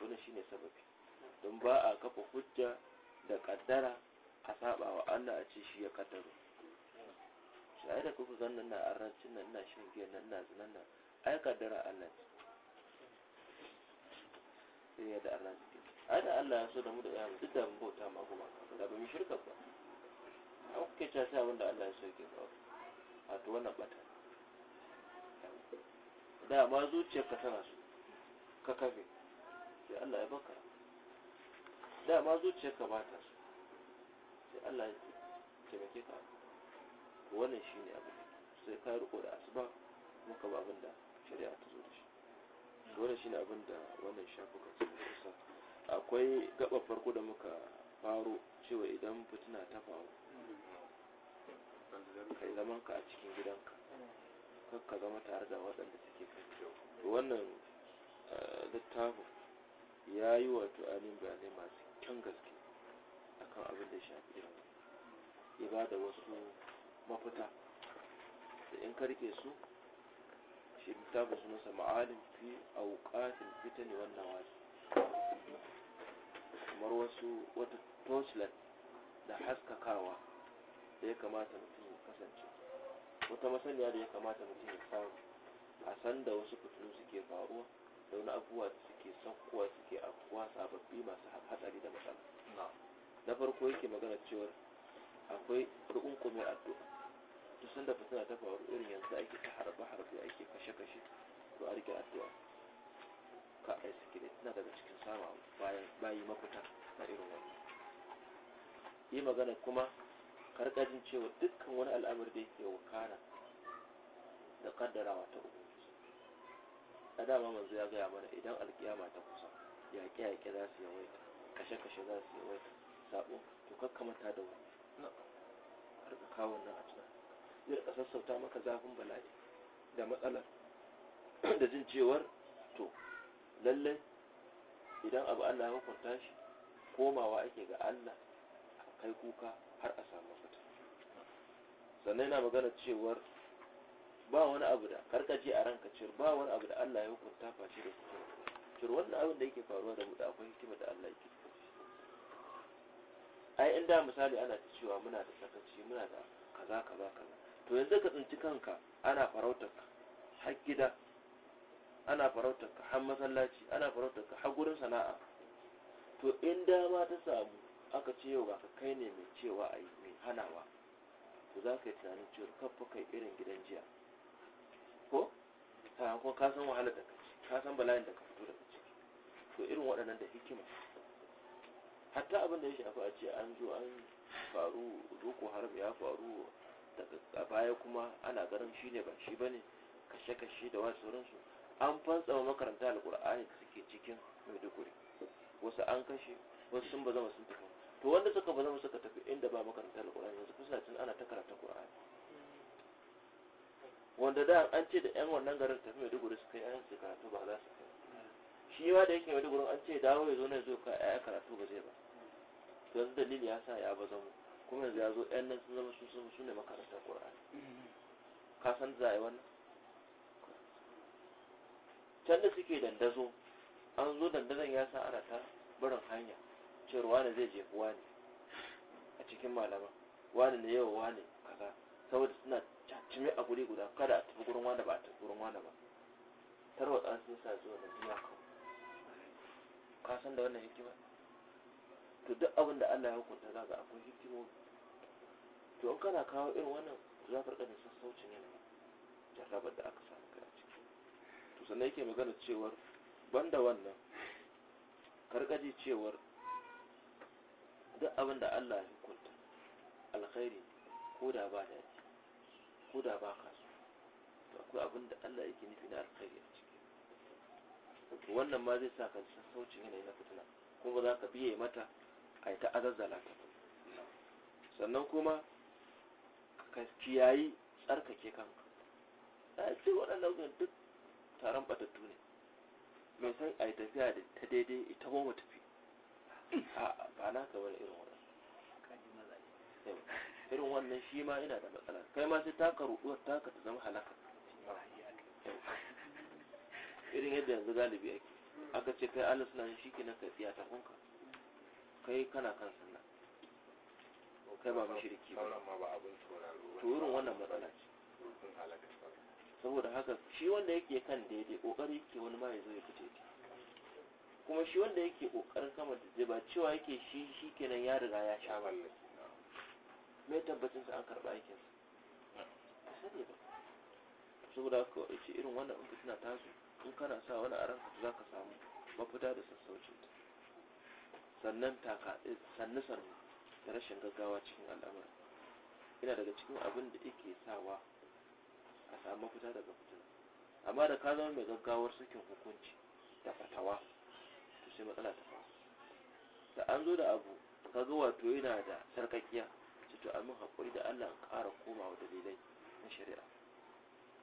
wannan shine sababi don ba a kafa hujja da kaddara a saba wa Allah a ce shi ya kaddaro ce ai da kuka gan nan na arancin nan na shan giya nan na zinan nan ai kaddara Allah ce sai ya da arancin ce ai da Allah ya so da mu da ya duk da mun bauta ma kuma da ba mu shirka ba a kuke ta sai abin da Allah ya so ke ba a to wannan bata da ma zuciyar ka tana so ka kafe sai Allah ya baka da ma zuciyar ka ba ta so sai Allah ya taimake ka to wannan shi ne abin sai ka riko da asuba kuma ka ba abin da shari'a ta zo da shi wannan shi ne abin da wannan shafuka suka kusa akwai gaba farko da muka faro cewa idan fitina ta faru kai zaman ka a cikin gidanka ka zama tare da waɗanda suke kai wannan eh, littafin ya yi wato ainihin bayanai masu kyan gaske akan abin da ya shafi ibada wasu mafita da in karke su shi littafin sunansa ma'alin fi fita ne wannan wasu kamar wasu wata torchlight da haskakawa da ya kamata mutum ya kasance wata masaniya da ya kamata mutum ya samu a san da wasu fitilu suke faruwa da wani abubuwa da suke saukowa suke afuwa sababbi masu hatsari da matsala na farko yake magana cewar akwai rukunkumin addu'a duk sun da fitina ta faru irin yanzu ake ta harba harbi ake kashe kashe to a rike addu'a ka ai suke da tana daga cikin sama bayan bayi makuta na irin wani yi magana kuma karkajin cewa dukkan wani al'amur da yake wakana da kaddarawa ta uku. a dama manzo ya gaya mana idan alkiyama ta kusa yaƙe-yaƙe za su yawaita kashe-kashe za su yawaita sabo to kakkamata da wani har ka kawo nan a tunan zai rika sassauta maka zafin bala'i da matsalar da jin cewar to lallai idan abu Allah ya hukunta shi komawa ake ga Allah a kai kuka har a samu fita sannan yana magana cewar ba wani abu da karkace a ranka cir ba wani abu da Allah ya hukunta face da kuka cir wannan abin da yake faruwa da mu akwai hikima da Allah yake ai in da misali ana cewa muna da sakaci muna da kaza kaza kaza to yanzu ka tsinci kanka ana farautarka har gida ana farautarka har masallaci ana farautarka har gurin sana'a to in dama ta samu aka ce yau ba ka kai ne mai cewa a yi mai hanawa to za ka yi tunanin cewa kafa kai irin gidan jiya ko ko ka san wahala da ka ci ka san bala'in da ka fito daga ciki to irin waɗannan da hikima hatta abin da ya shafi a ce an zo an faru doko haram ya faru A baya kuma ana ganin shi ne ba shi ba ne kashe-kashe da wasu sauransu an fantsama makaranta alkur'ani da suke cikin maiduguri wasu an kashe wasu sun ba zama sun tafi to wanda suka bazama suka tafi inda ba makaranta alkur'ani yanzu kusa cin ana ta karanta qur'ani wanda da an ce da yan wannan garin tafi maiduguri suka yi ayan su karatu ba za su kai shi ma da yake maiduguri an ce dawo ya zo na zo ka ya karatu ba zai ba to yanzu dalili ya sa ya bazamu kuma yanzu ya zo yan nan sun zama su ne makarantar ƙur'ani mm-hmm. ka san za a yi wannan can da suke dandazo an zo dandazon ya sa ana ta barin hanya cewar wani zai jefi wani a cikin malama wani ne yawa wani kaza saboda suna cacime a guri guda kada a tafi gurin wani ba a tafi gurin wani ba tsan sun sa zuwa da biya kawo ka san da wannan hikima to duk abin da Allah ya hukunta za ga akwai hikimomi to in kana kawo irin wannan za ka rika da sassaucin yanayi jarrabar da aka samu kai a ciki to sannan yake magana cewar banda wannan karkaji cewar duk abin da Allah ya hukunta alkhairi ko da ba da ko da ba ka so to akwai abin da Allah yake nufi na alkhairi a ciki to wannan ma zai sa ka sassaucin yanayi na fitina kuma za ka biye mata a yi ta azazzala ta sannan kuma ka ciyayi tsarkake kanka a ce waɗannan duk taron batattu ne mai san a yi tafiya da ta daidai ita ma mu tafi a ba na ka wani irin wannan irin wannan shi ma ina da matsala kai ma sai taka ruɗuwar taka ta zama halaka irin yadda yanzu galibi ake aka ce kai alis na shi ke na kai tsiya ta kai kana kan sannan kai ba mushriki ba to irin wannan matsala ce saboda haka shi wanda yake kan daidai kokari yake wani ma ya zo ya fice kuma shi wanda yake kokarin kama da ba cewa yake shi shi kenan ya riga ya sha mallaki mai tabbacin sa an karba aikin sa ba saboda haka ce irin wannan in fitina ta su in kana sa wani a ranka za ka samu mafita da sassaucin ta sannan taka eh, sannu sannu da rashin gaggawa cikin al'amura yana daga cikin abin da yake sawa a samu mafita daga fitina amma da ka zama mai gaggawar sakin hukunci da fatawa to sai matsala ta faru da an zo da abu kaga wato yana da sarkakiya ce to amin haƙuri da Allah in ƙara komawa dalilai na shari'a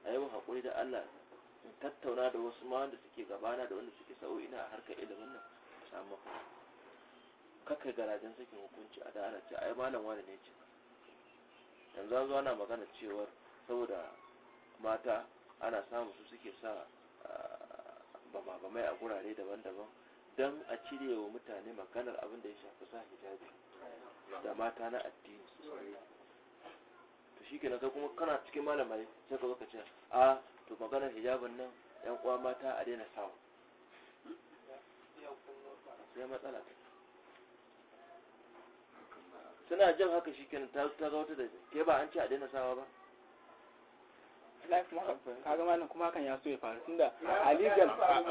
a yi haƙuri da Allah in tattauna da wasu ma wanda suke gabana da wanda suke sa'o'ina a harkar ilimin nan a samu mafita kaka garajen sakin hukunci a da ana ce ai malam wani ne ce yanzu an zo ana magana cewar saboda mata ana samu su suke sa ah, bama-bamai a gurare daban-daban don a cire wa mutane maganar abin da ya shafi sa hijabi da mata na addini to shi kenan kuma kana cikin malamai sai ka zaka ce a to maganar hijabin nan yan uwa mata a daina sawa sai matsala ta suna jan haka shi kenan ta ta wata da ke ba an ce a daina sawa ba wallahi kuma malam kuma hakan ya so ya faru tunda illegal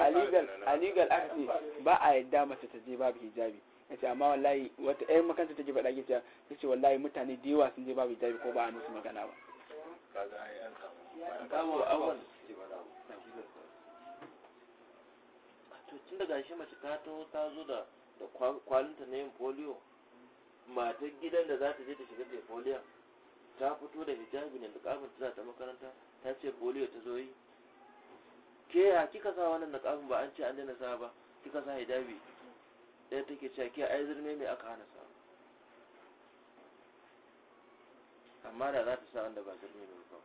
illegal illegal act ne ba a yadda mace ta je babu hijabi yace amma wallahi wata ɗayan makanta take faɗa gita yace wallahi mutane da yawa sun je babu hijabi ko ba a musu magana ba kaga ai an kawo awal to tun daga shi mace ta ta zo da kwalinta na yin polio matar gidan da za ta je ta shiga ta foliya ta fito da hijabi ne niqabin ta ta makaranta ta ce foliya ta zo yi ke ya kika sa wannan niqabin ba an ce an daina sa ba kika sa hijabi ɗaya take cewa ke ai zirme mai aka hana sa amma da za ta sa wanda ba zirme mai ba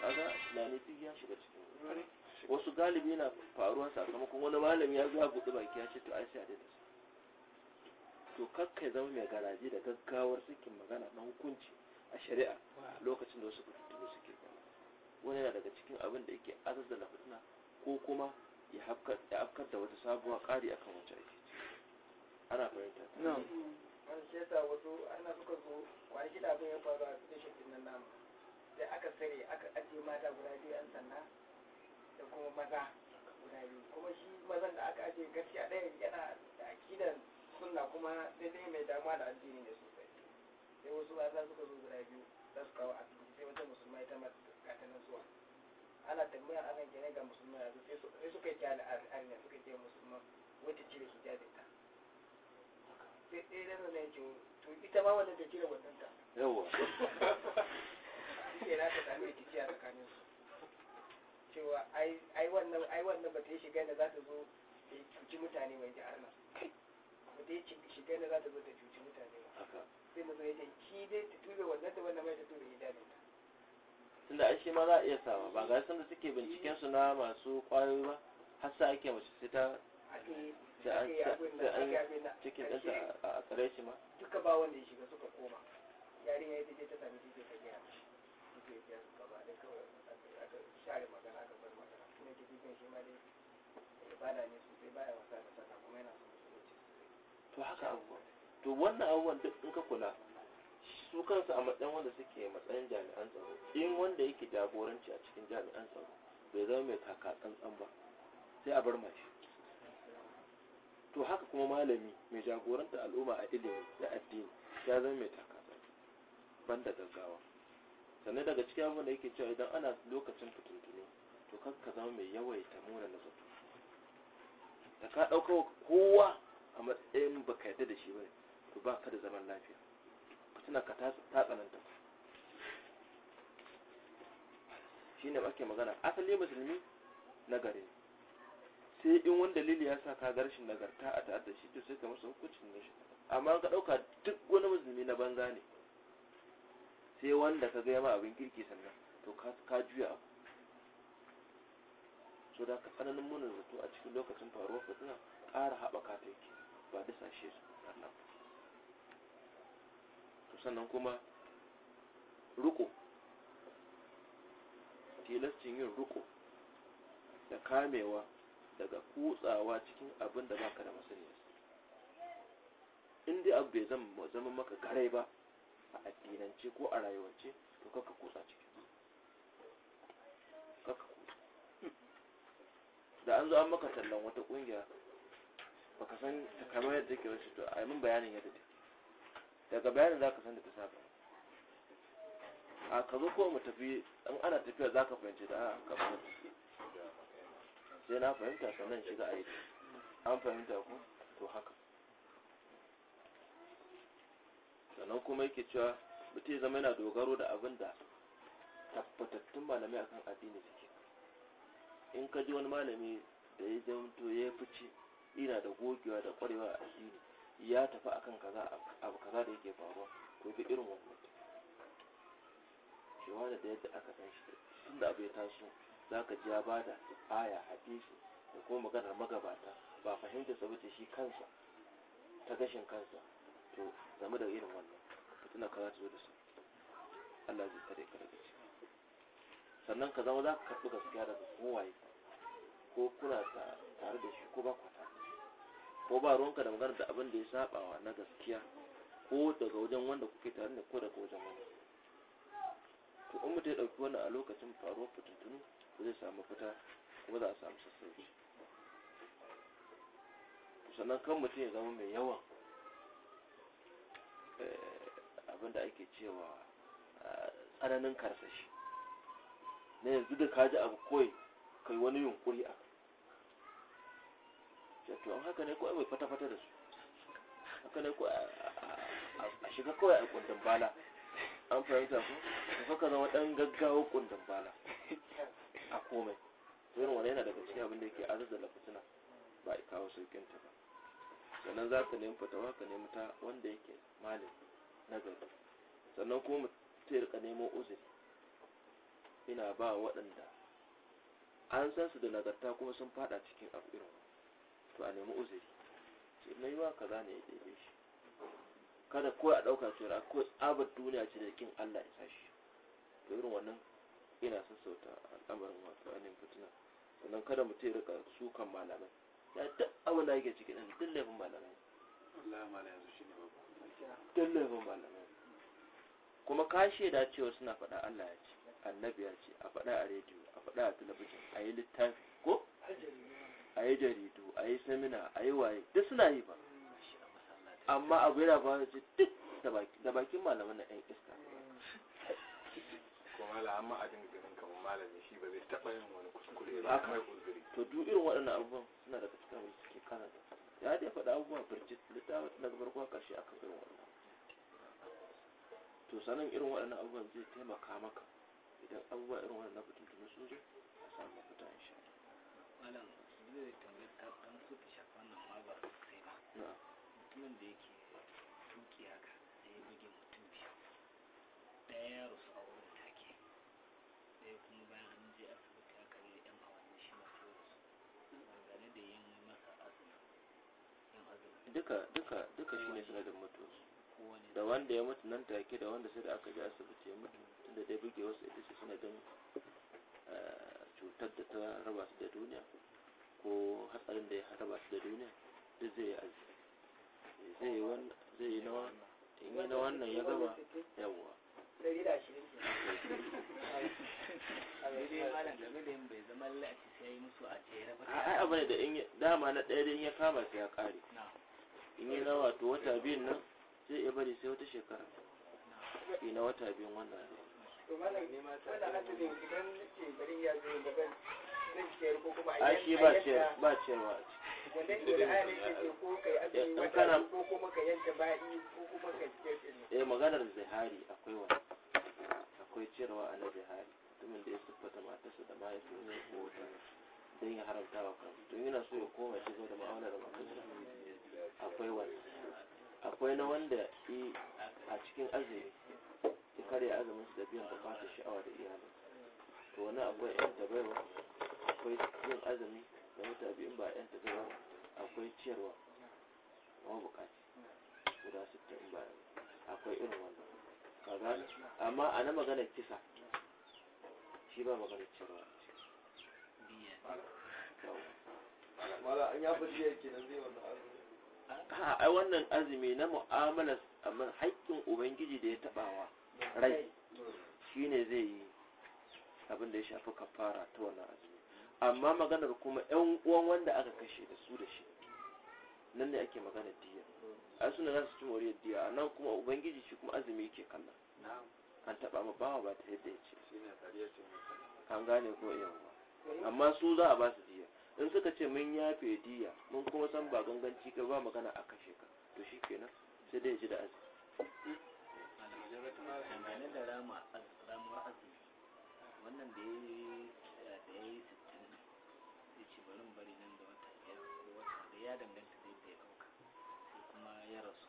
kaga tunani duk ya shiga cikin wasu galibi na faruwa sakamakon wani malami ya zuwa ya buɗe baki ya ce to ai sai a daina sa to kakkai zama mai garaji da gaggawar sakin magana na hukunci a shari'a lokacin da wasu fitattunu suke wani yana daga cikin abin da yake azazzala fitina ko kuma ya hafkar da wata sabuwa ƙari akan wacce ake ana fahimta ta wani shi yasa wasu ana suka zo kwanaki da abin ya faru a cikin shakin nan namu sai aka sare aka ajiye mata guda biyu yan sannan da kuma maza guda biyu kuma shi mazan da aka ajiye gaskiya ɗaya yana da akidan suna kuma daidai mai damuwa da addini ne sosai sai wasu ba mata suka zo guda biyu za su kawo asibiti sai wata musulmai ta mata nan zuwa ana tambaya ana gane ga musulmai a sai suka kya da arna suka ce musulman wata cire hijabin ta sai ɗaya da zana yake to ita ma wanda ta cire wannan ta yawa ke na ta sami rikici a tsakanin su cewa ai wannan ba ta yi shiga da za ta zo ta cuci mutane mai ji arna dai shiga na tunda ai ma za a iya sawa ba ga sun da suke binciken su na masu kwayoyi ba har sai ake mace sai ta da an a tsare shi ma duka ba wanda ya shiga suka koma yarin ya yi ta sami ta gaya mashi da kawai aka share magana aka bar magana kuma shi ma dai eh, ba na ne sosai baya wasa da to haka abubuwa to wannan abubuwan duk in ka kula su kansu a matsayin wanda suke matsayin jami'an tsaro in wanda yake jagoranci a cikin jami'an tsaro bai zama mai taka tsantsan ba sai a bar mashi to haka kuma malami mai jagoranta al'umma a ilimi da addini ya zama mai taka ban da gaggawa sannan daga cikin abubuwan da yake cewa idan ana lokacin fitintini to kan ka zama mai yawaita muna na zato da ka ɗauka kowa a matsayin ba ka da shi ba ne to ba ka da zaman lafiya fitina ka ta tsananta shi ne ake magana asali musulmi na gare sai in wani lili ya sa ka garshin nagarta a ta'adda shi to sai ka masa hukuncin shi amma ka ɗauka duk wani musulmi na banza ne sai wanda ka gaya ma abin kirki sannan to ka juya abu so da ka tsananin munin zato a cikin lokacin faruwar fitina ƙara haɓaka ta yake ba bisa shi Allah to sannan kuma ruko tilastin yin ruko da kamewa daga kutsawa cikin abin da baka da masaniyarsa in dai abu bai zama maka garai ba a addinance ko a rayuwance to kaka kutsa cikin kaka da an zo an maka tallan wata kungiya baka san kamar yadda take wasu to a mun bayanin yadda take daga bayanin za ka san da ta saba a ka zo ko mu tafi in ana tafiya za ka fahimci da a ah, ka fahimci sai na fahimta sannan shiga a yi an fahimta ku to haka sannan kuma yake cewa mutum ya zama yana dogaro da abin da tabbatattun malamai akan addini suke in ka ji wani malami da ya zamto ya fice ina da gogewa da kwarewa a addini ya tafi akan kaza abu kaza da yake faruwa to bi irin wannan cewa da yadda aka san shi tun da abu ya taso za ka ji ya ba da aya hadisi da kuma maganar magabata ba fahimta sabuta shi kansa ta gashin kansa to zama da irin wannan ka tuna ka za ta zo da su Allah zai kare ka daga ciki sannan ka zama za ka karɓi gaskiya daga kowaye ko kuna tare da shi ko ba kwa ko ba ruwanka da magana da abin da ya sabawa na gaskiya ko daga wajen wanda kuke tare da ko daga wajen wani to in mutum ya ɗauki wannan a lokacin faruwar fitintunu zai samu fita kuma za a samu sassauci sannan kan mutum ya zama mai yawan eh, abin da ake cewa ah, tsananin karsashi na yanzu da kaji abu kawai kai wani yunkuri a to an haka ne kawai bai fata-fata da su haka ne kawai a shiga kawai a kundin bala an fahimta ko ka ka zama dan gaggawa kundin bala a komai to irin wani yana daga cikin abin da yake arzala fitina ba a kawo saukin ba sannan za ka nemi fatawa ka nemi ta wanda yake malin na gari sannan kuma mutum rika nemo uzuri ina ba waɗanda an san su da nagarta kuma sun fada cikin abu irin to a nemi uzuri ce mai yiwa za ne ya ɗebe shi kada ko a ɗauka cewa akwai abin duniya ce da kin Allah isa shi to irin wannan ina sassauta al'amarin wato ainihin fitina sannan kada mutum ya rika sukan malamai ya duk abu na yake ciki ɗin duk laifin malamai duk laifin malamai kuma ka shaida cewa suna faɗa Allah ya ce annabi ya ce a faɗa a rediyo a faɗa a talabijin a yi littafi ko a yi jaridu a yi samina a yi waye duk suna yi ba amma abu yana ba ce duk da bakin malamin na yan iska Kuma malam a dinga ganin kamar malami shi ba zai taɓa yin wani kuskure ba haka mai kuskure to duk irin waɗannan abubuwan suna daga cikin abin suke kana da ya dai faɗa abubuwa birjit littafin na gabar kuma ƙarshe kan irin waɗannan to sanin irin waɗannan abubuwan zai taimaka maka idan abubuwa irin waɗannan fitintunu sun zo a samu mafita sha Allah yanzu zai tambayi ta ɗan so ta shafa wannan ma ba sosai ba mutumin da yake tuki haka da ya buge mutum biyu ɗaya ya rasu a wurin take ɗaya kuma bayan an je asibiti aka yi yan awanni shi ma sai rasu dangane da yin masa azumi yin duka duka duka shine da mutu, da wanda ya mutu nan take da wanda sai da aka ji asibiti ya mutu tunda dai buge wasu ita suna sanadin eh, cutar da ta raba su da duniya ko hatsarin da ya harba shi da duniya duk zai yi azumi zai yi nawa in yi na wannan ya gaba yawwa ɗari da ashirin a da yin bai zama sai yi musu a jere ba ai abu da in dama na ɗaya ya kama sai ya ƙare in yi na wato wata biyun nan zai iya bari sai wata shekara yi wata biyun wannan zan shi ba cewa ba ciyarwa wannan ke da ayyana yake ko kai azumi wata ko kuma ka yanka ba'i ko kuma ka ciyar eh maganar zihari akwai wani akwai cewa a na zihari mutumin da ya siffata matarsa da mahaifin ya ko wata don ya haramta wa kansa to yana so ya koma shi da ma'aunar matarsa akwai wani akwai na wanda a cikin azumi ya karya azumin su da biyan da bukatar sha'awa da iyalin to wani akwai yan da akwai yin azumi da mutabi in ba yan tafiya akwai ciyarwa ma bukaci guda sittin in ba akwai irin wannan ka gane amma a na maganar kisa shi ba maganar ciyarwa mala an ya fi zai wannan azumi a ai wannan azumi na mu'amalar amma haƙƙin ubangiji da ya wa rai shine zai yi abin da ya shafi kafara ta wannan azumi amma maganar kuma yan uwan wanda aka kashe da su da shi nan ne ake magana diya a suna za su ci moriyar diya a nan kuma ubangiji shi kuma azumi yake kalla an taɓa ma bawa ba ta yadda ya ce an gane ko yawa eh. amma su za a ba su diya in suka ce mun yafe diya mun kuma san ba ganganci ka ba magana a kashe ka to shi kenan sai dai ya ji da azumi wannan da ya yi ya danganta da yadda ya ɗauka sai kuma ya rasu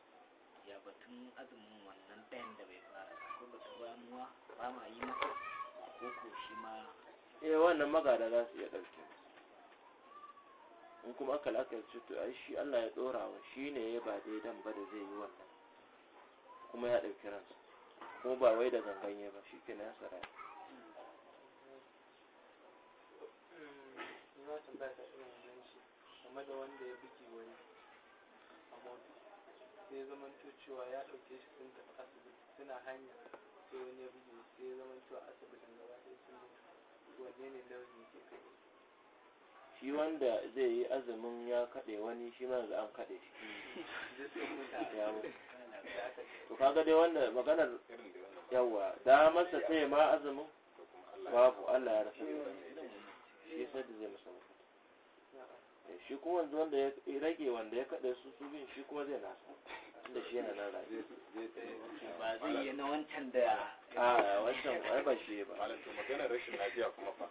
ya batun azumin wannan ɗayan da bai fara ko batun ramuwa ba ma yi masa ko ko shi ma eh wannan magada za su iya ɗauke in kuma aka lakarci to ai shi Allah ya ɗora wa shi ne ya ba dai dan ba da zai yi wannan kuma ya ɗauki ransa Ko ba wai da ganganye ba shi ke na sarari. Hmm. Hmm. game da wanda ya buge wani a mota sai zaman to cewa ya ɗauke shi sun tafi asibiti suna hanya sai wani ya buge sai zaman to asibitin gaba ɗaya sun mutu wanne ne nauyi ke kai shi wanda zai yi azumin ya kaɗe wani shi ma yanzu an kaɗe shi to kaga dai wanda maganar yawa da masa sai ma azumin babu Allah ya rasa shi sai da zai masa mutu shi ko wanzu wanda ya rage wanda ya kada su su bin shi ko zai nasa tunda shi yana nan rayu ba zai yi na wancan da a wancan wai ba shi ba malam to magana rashin lafiya kuma fa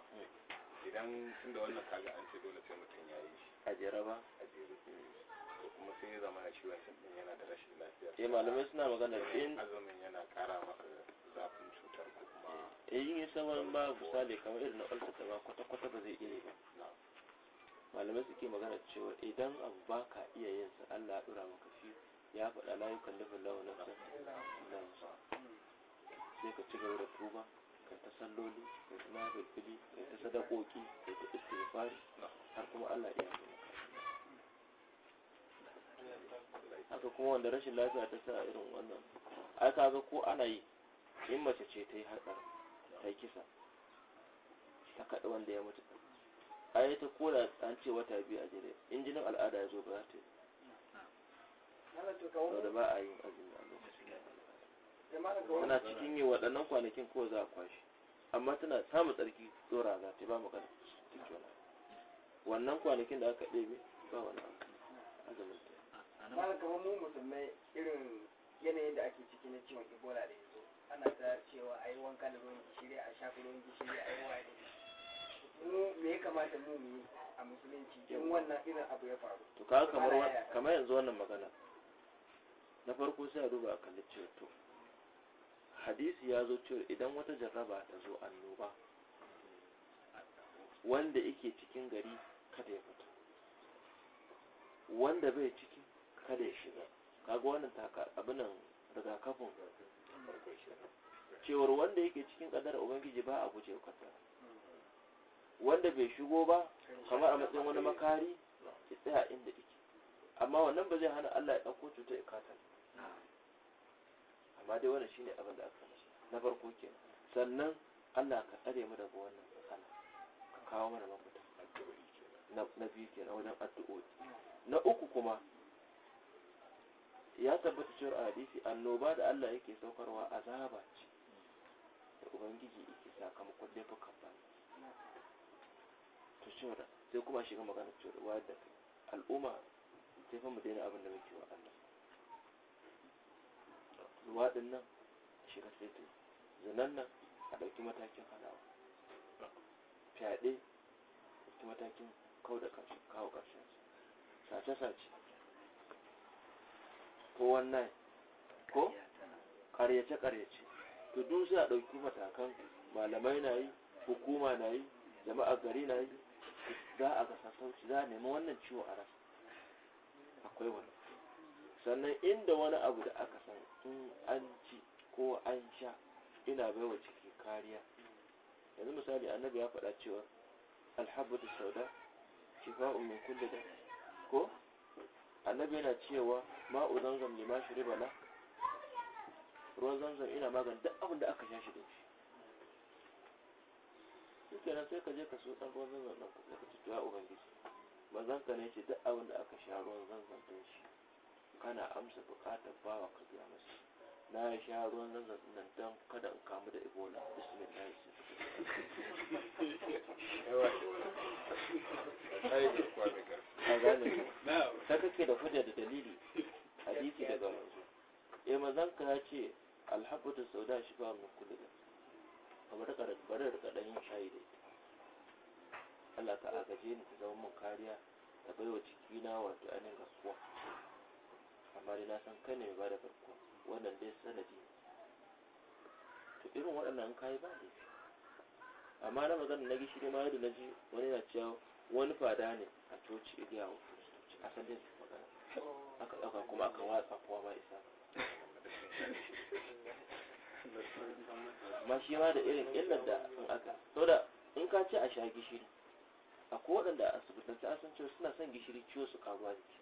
idan tunda wannan kaga an ce dole sai mutum ya yi shi a jere ba a jere to kuma sai ya zama shi wancan din yana da rashin lafiya eh malamai suna magana in azumin yana kara maka zafin cutar ko kuma eh yin sabon ba misali kamar irin na ulcer ba kwata-kwata ba zai iya ba malamai suke magana cewa idan abu ba ka iya yin sa Allah ya dora maka shi ya faɗa la yukallifu Allahu nafsan illa wus'aha sai ka ci gaba da tuba ka ta salloli ka ta nafilfili ka ta sadakoki ka ta istighfari har kuma Allah ya yi haka kuma wanda rashin lafiya ta sa irin wannan ai ga ko ana yi in mace ce ta yi haɗa ta kisa ta kaɗa wanda ya mutu a yi ta koda an ce wata biyu a jere in jinin al'ada ya zo ba za ta yi da ba a yi azumi a lokacin eh, ana cikin yi waɗannan kwanakin ko za a kwashe amma tana samun tsarki tsora za ta ba mu kada wannan kwanakin da aka ɗebe ba wani azumin ta malam kamar mu musulmai irin yanayin da ake ciki na ciwon ebola da yanzu ana ta cewa a yi wanka da ruwan gishiri a shafi ruwan gishiri a yi waye mu me ya kamata mu yi a musulunci in wannan irin abu ya faru to kaga kamar kamar yanzu wannan magana na farko sai a duba a kalli cewa to hadisi ya zo cewa idan wata jarraba ta zo annoba wanda yake cikin gari kada ya fita wanda bai ciki kada ya shiga kaga wannan taka abinan rigakafin cewar wanda yake cikin kadar ubangiji ba a guje kadara wanda bai shigo ba kamar a matsayin wani makari ki tsaya inda ike amma wannan ba zai hana Allah ya ɗauko cuta ya kata amma dai wannan shine abin da aka masa na farko kenan sannan Allah ka tsare mu daga wannan matsala ka kawo mana mafita na biyu kenan wajen addu'o'i na uku kuma ya tabbata cewa a hadisi annoba da Allah yake saukarwa azaba ce da ubangiji yake sakamakon laifukan bani to cewa sai kuma shiga magana cewa wayar da kai al'umma sai fa mu daina abin da muke wa Allah luwaɗin nan shiga sai ta zanen nan a ɗauki matakin halawa fyaɗe ɗauki matakin kawo da ƙarshen kawo ƙarshen sace-sace ko wannan ko ƙaryace-ƙaryace to duk sai a ɗauki matakan malamai na yi hukuma na yi jama'a gari na yi za a ga sassauci za a nemi wannan ciwo a rasa akwai wani sannan inda wani abu da aka san in an ci ko an sha ina baiwa ciki kariya yanzu misali annabi ya faɗa cewa alhabbatu sauda shifa'un min kulli da ko annabi yana cewa ma'u zanzam lima shuribala ruwan zanzam ina magani duk abin da aka sha shi da shi shi sai ka je ka so ɗan ruwan zanzan ɗan kuɗi ka ci ya ubangiji manzon ka ne ce duk abin da aka sha ruwan zanzan ɗin shi kana amsa buƙatar bawa ka biya masa na sha ruwan zanzan nan don kada in kamu da ebola bismillah sai gane ta kake da hujja da dalili hadisi daga manzo eh manzon ka ya ce alhabbatu sauda shi ba mu kullu a bari rika ɗan yin shayi da ita Allah ka agaje ni ta zama mun kariya ta bai wa jikina wato ainihin garkuwa amma dai na san kai ne mai ba da garkuwa wannan dai sanadi to irin waɗannan kayi ba laifi amma na magana na gishiri ma yadda na ji wani na cewa wani fada ne a coci igiya wa kiristoci a sandin su magana aka ɗauka kuma aka watsa kowa ma isa ma shi ma da irin illar da in aka da in ka ce a sha gishiri A ko waɗanda a asibitance an san cewa suna son gishiri ciwo su da jiki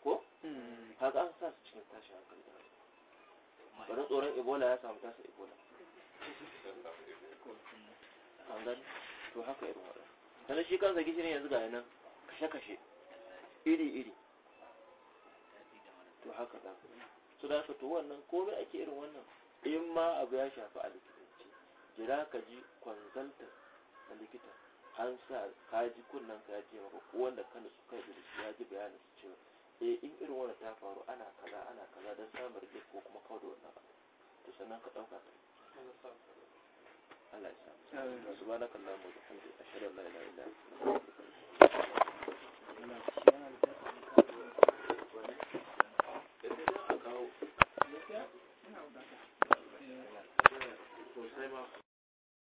ko mm. haka an sa su cikin tashin hankali da bari tsoron ebola ya samu tasa ebola an to haka irin waɗanda sannan shi kansa gishiri yanzu ga nan kashe-kashe iri-iri to haka za ku su da to wannan komai ake irin wannan in ma abu ya shafi a likitanci jira ka ji kwanzantar a likita an sa ka ji kunnan ka ji maka wanda kana su kai da su, ya ji bayanin su cewa eh in irin wannan ta faru ana kaza ana kaza don samun rike ko kuma kawai da wannan abu to sannan ka ɗauka ta Allah ya subhanaka allahumma wa bihamdika ashhadu an la ilaha illa anta astaghfiruka wa atubu ilaik ね、裁判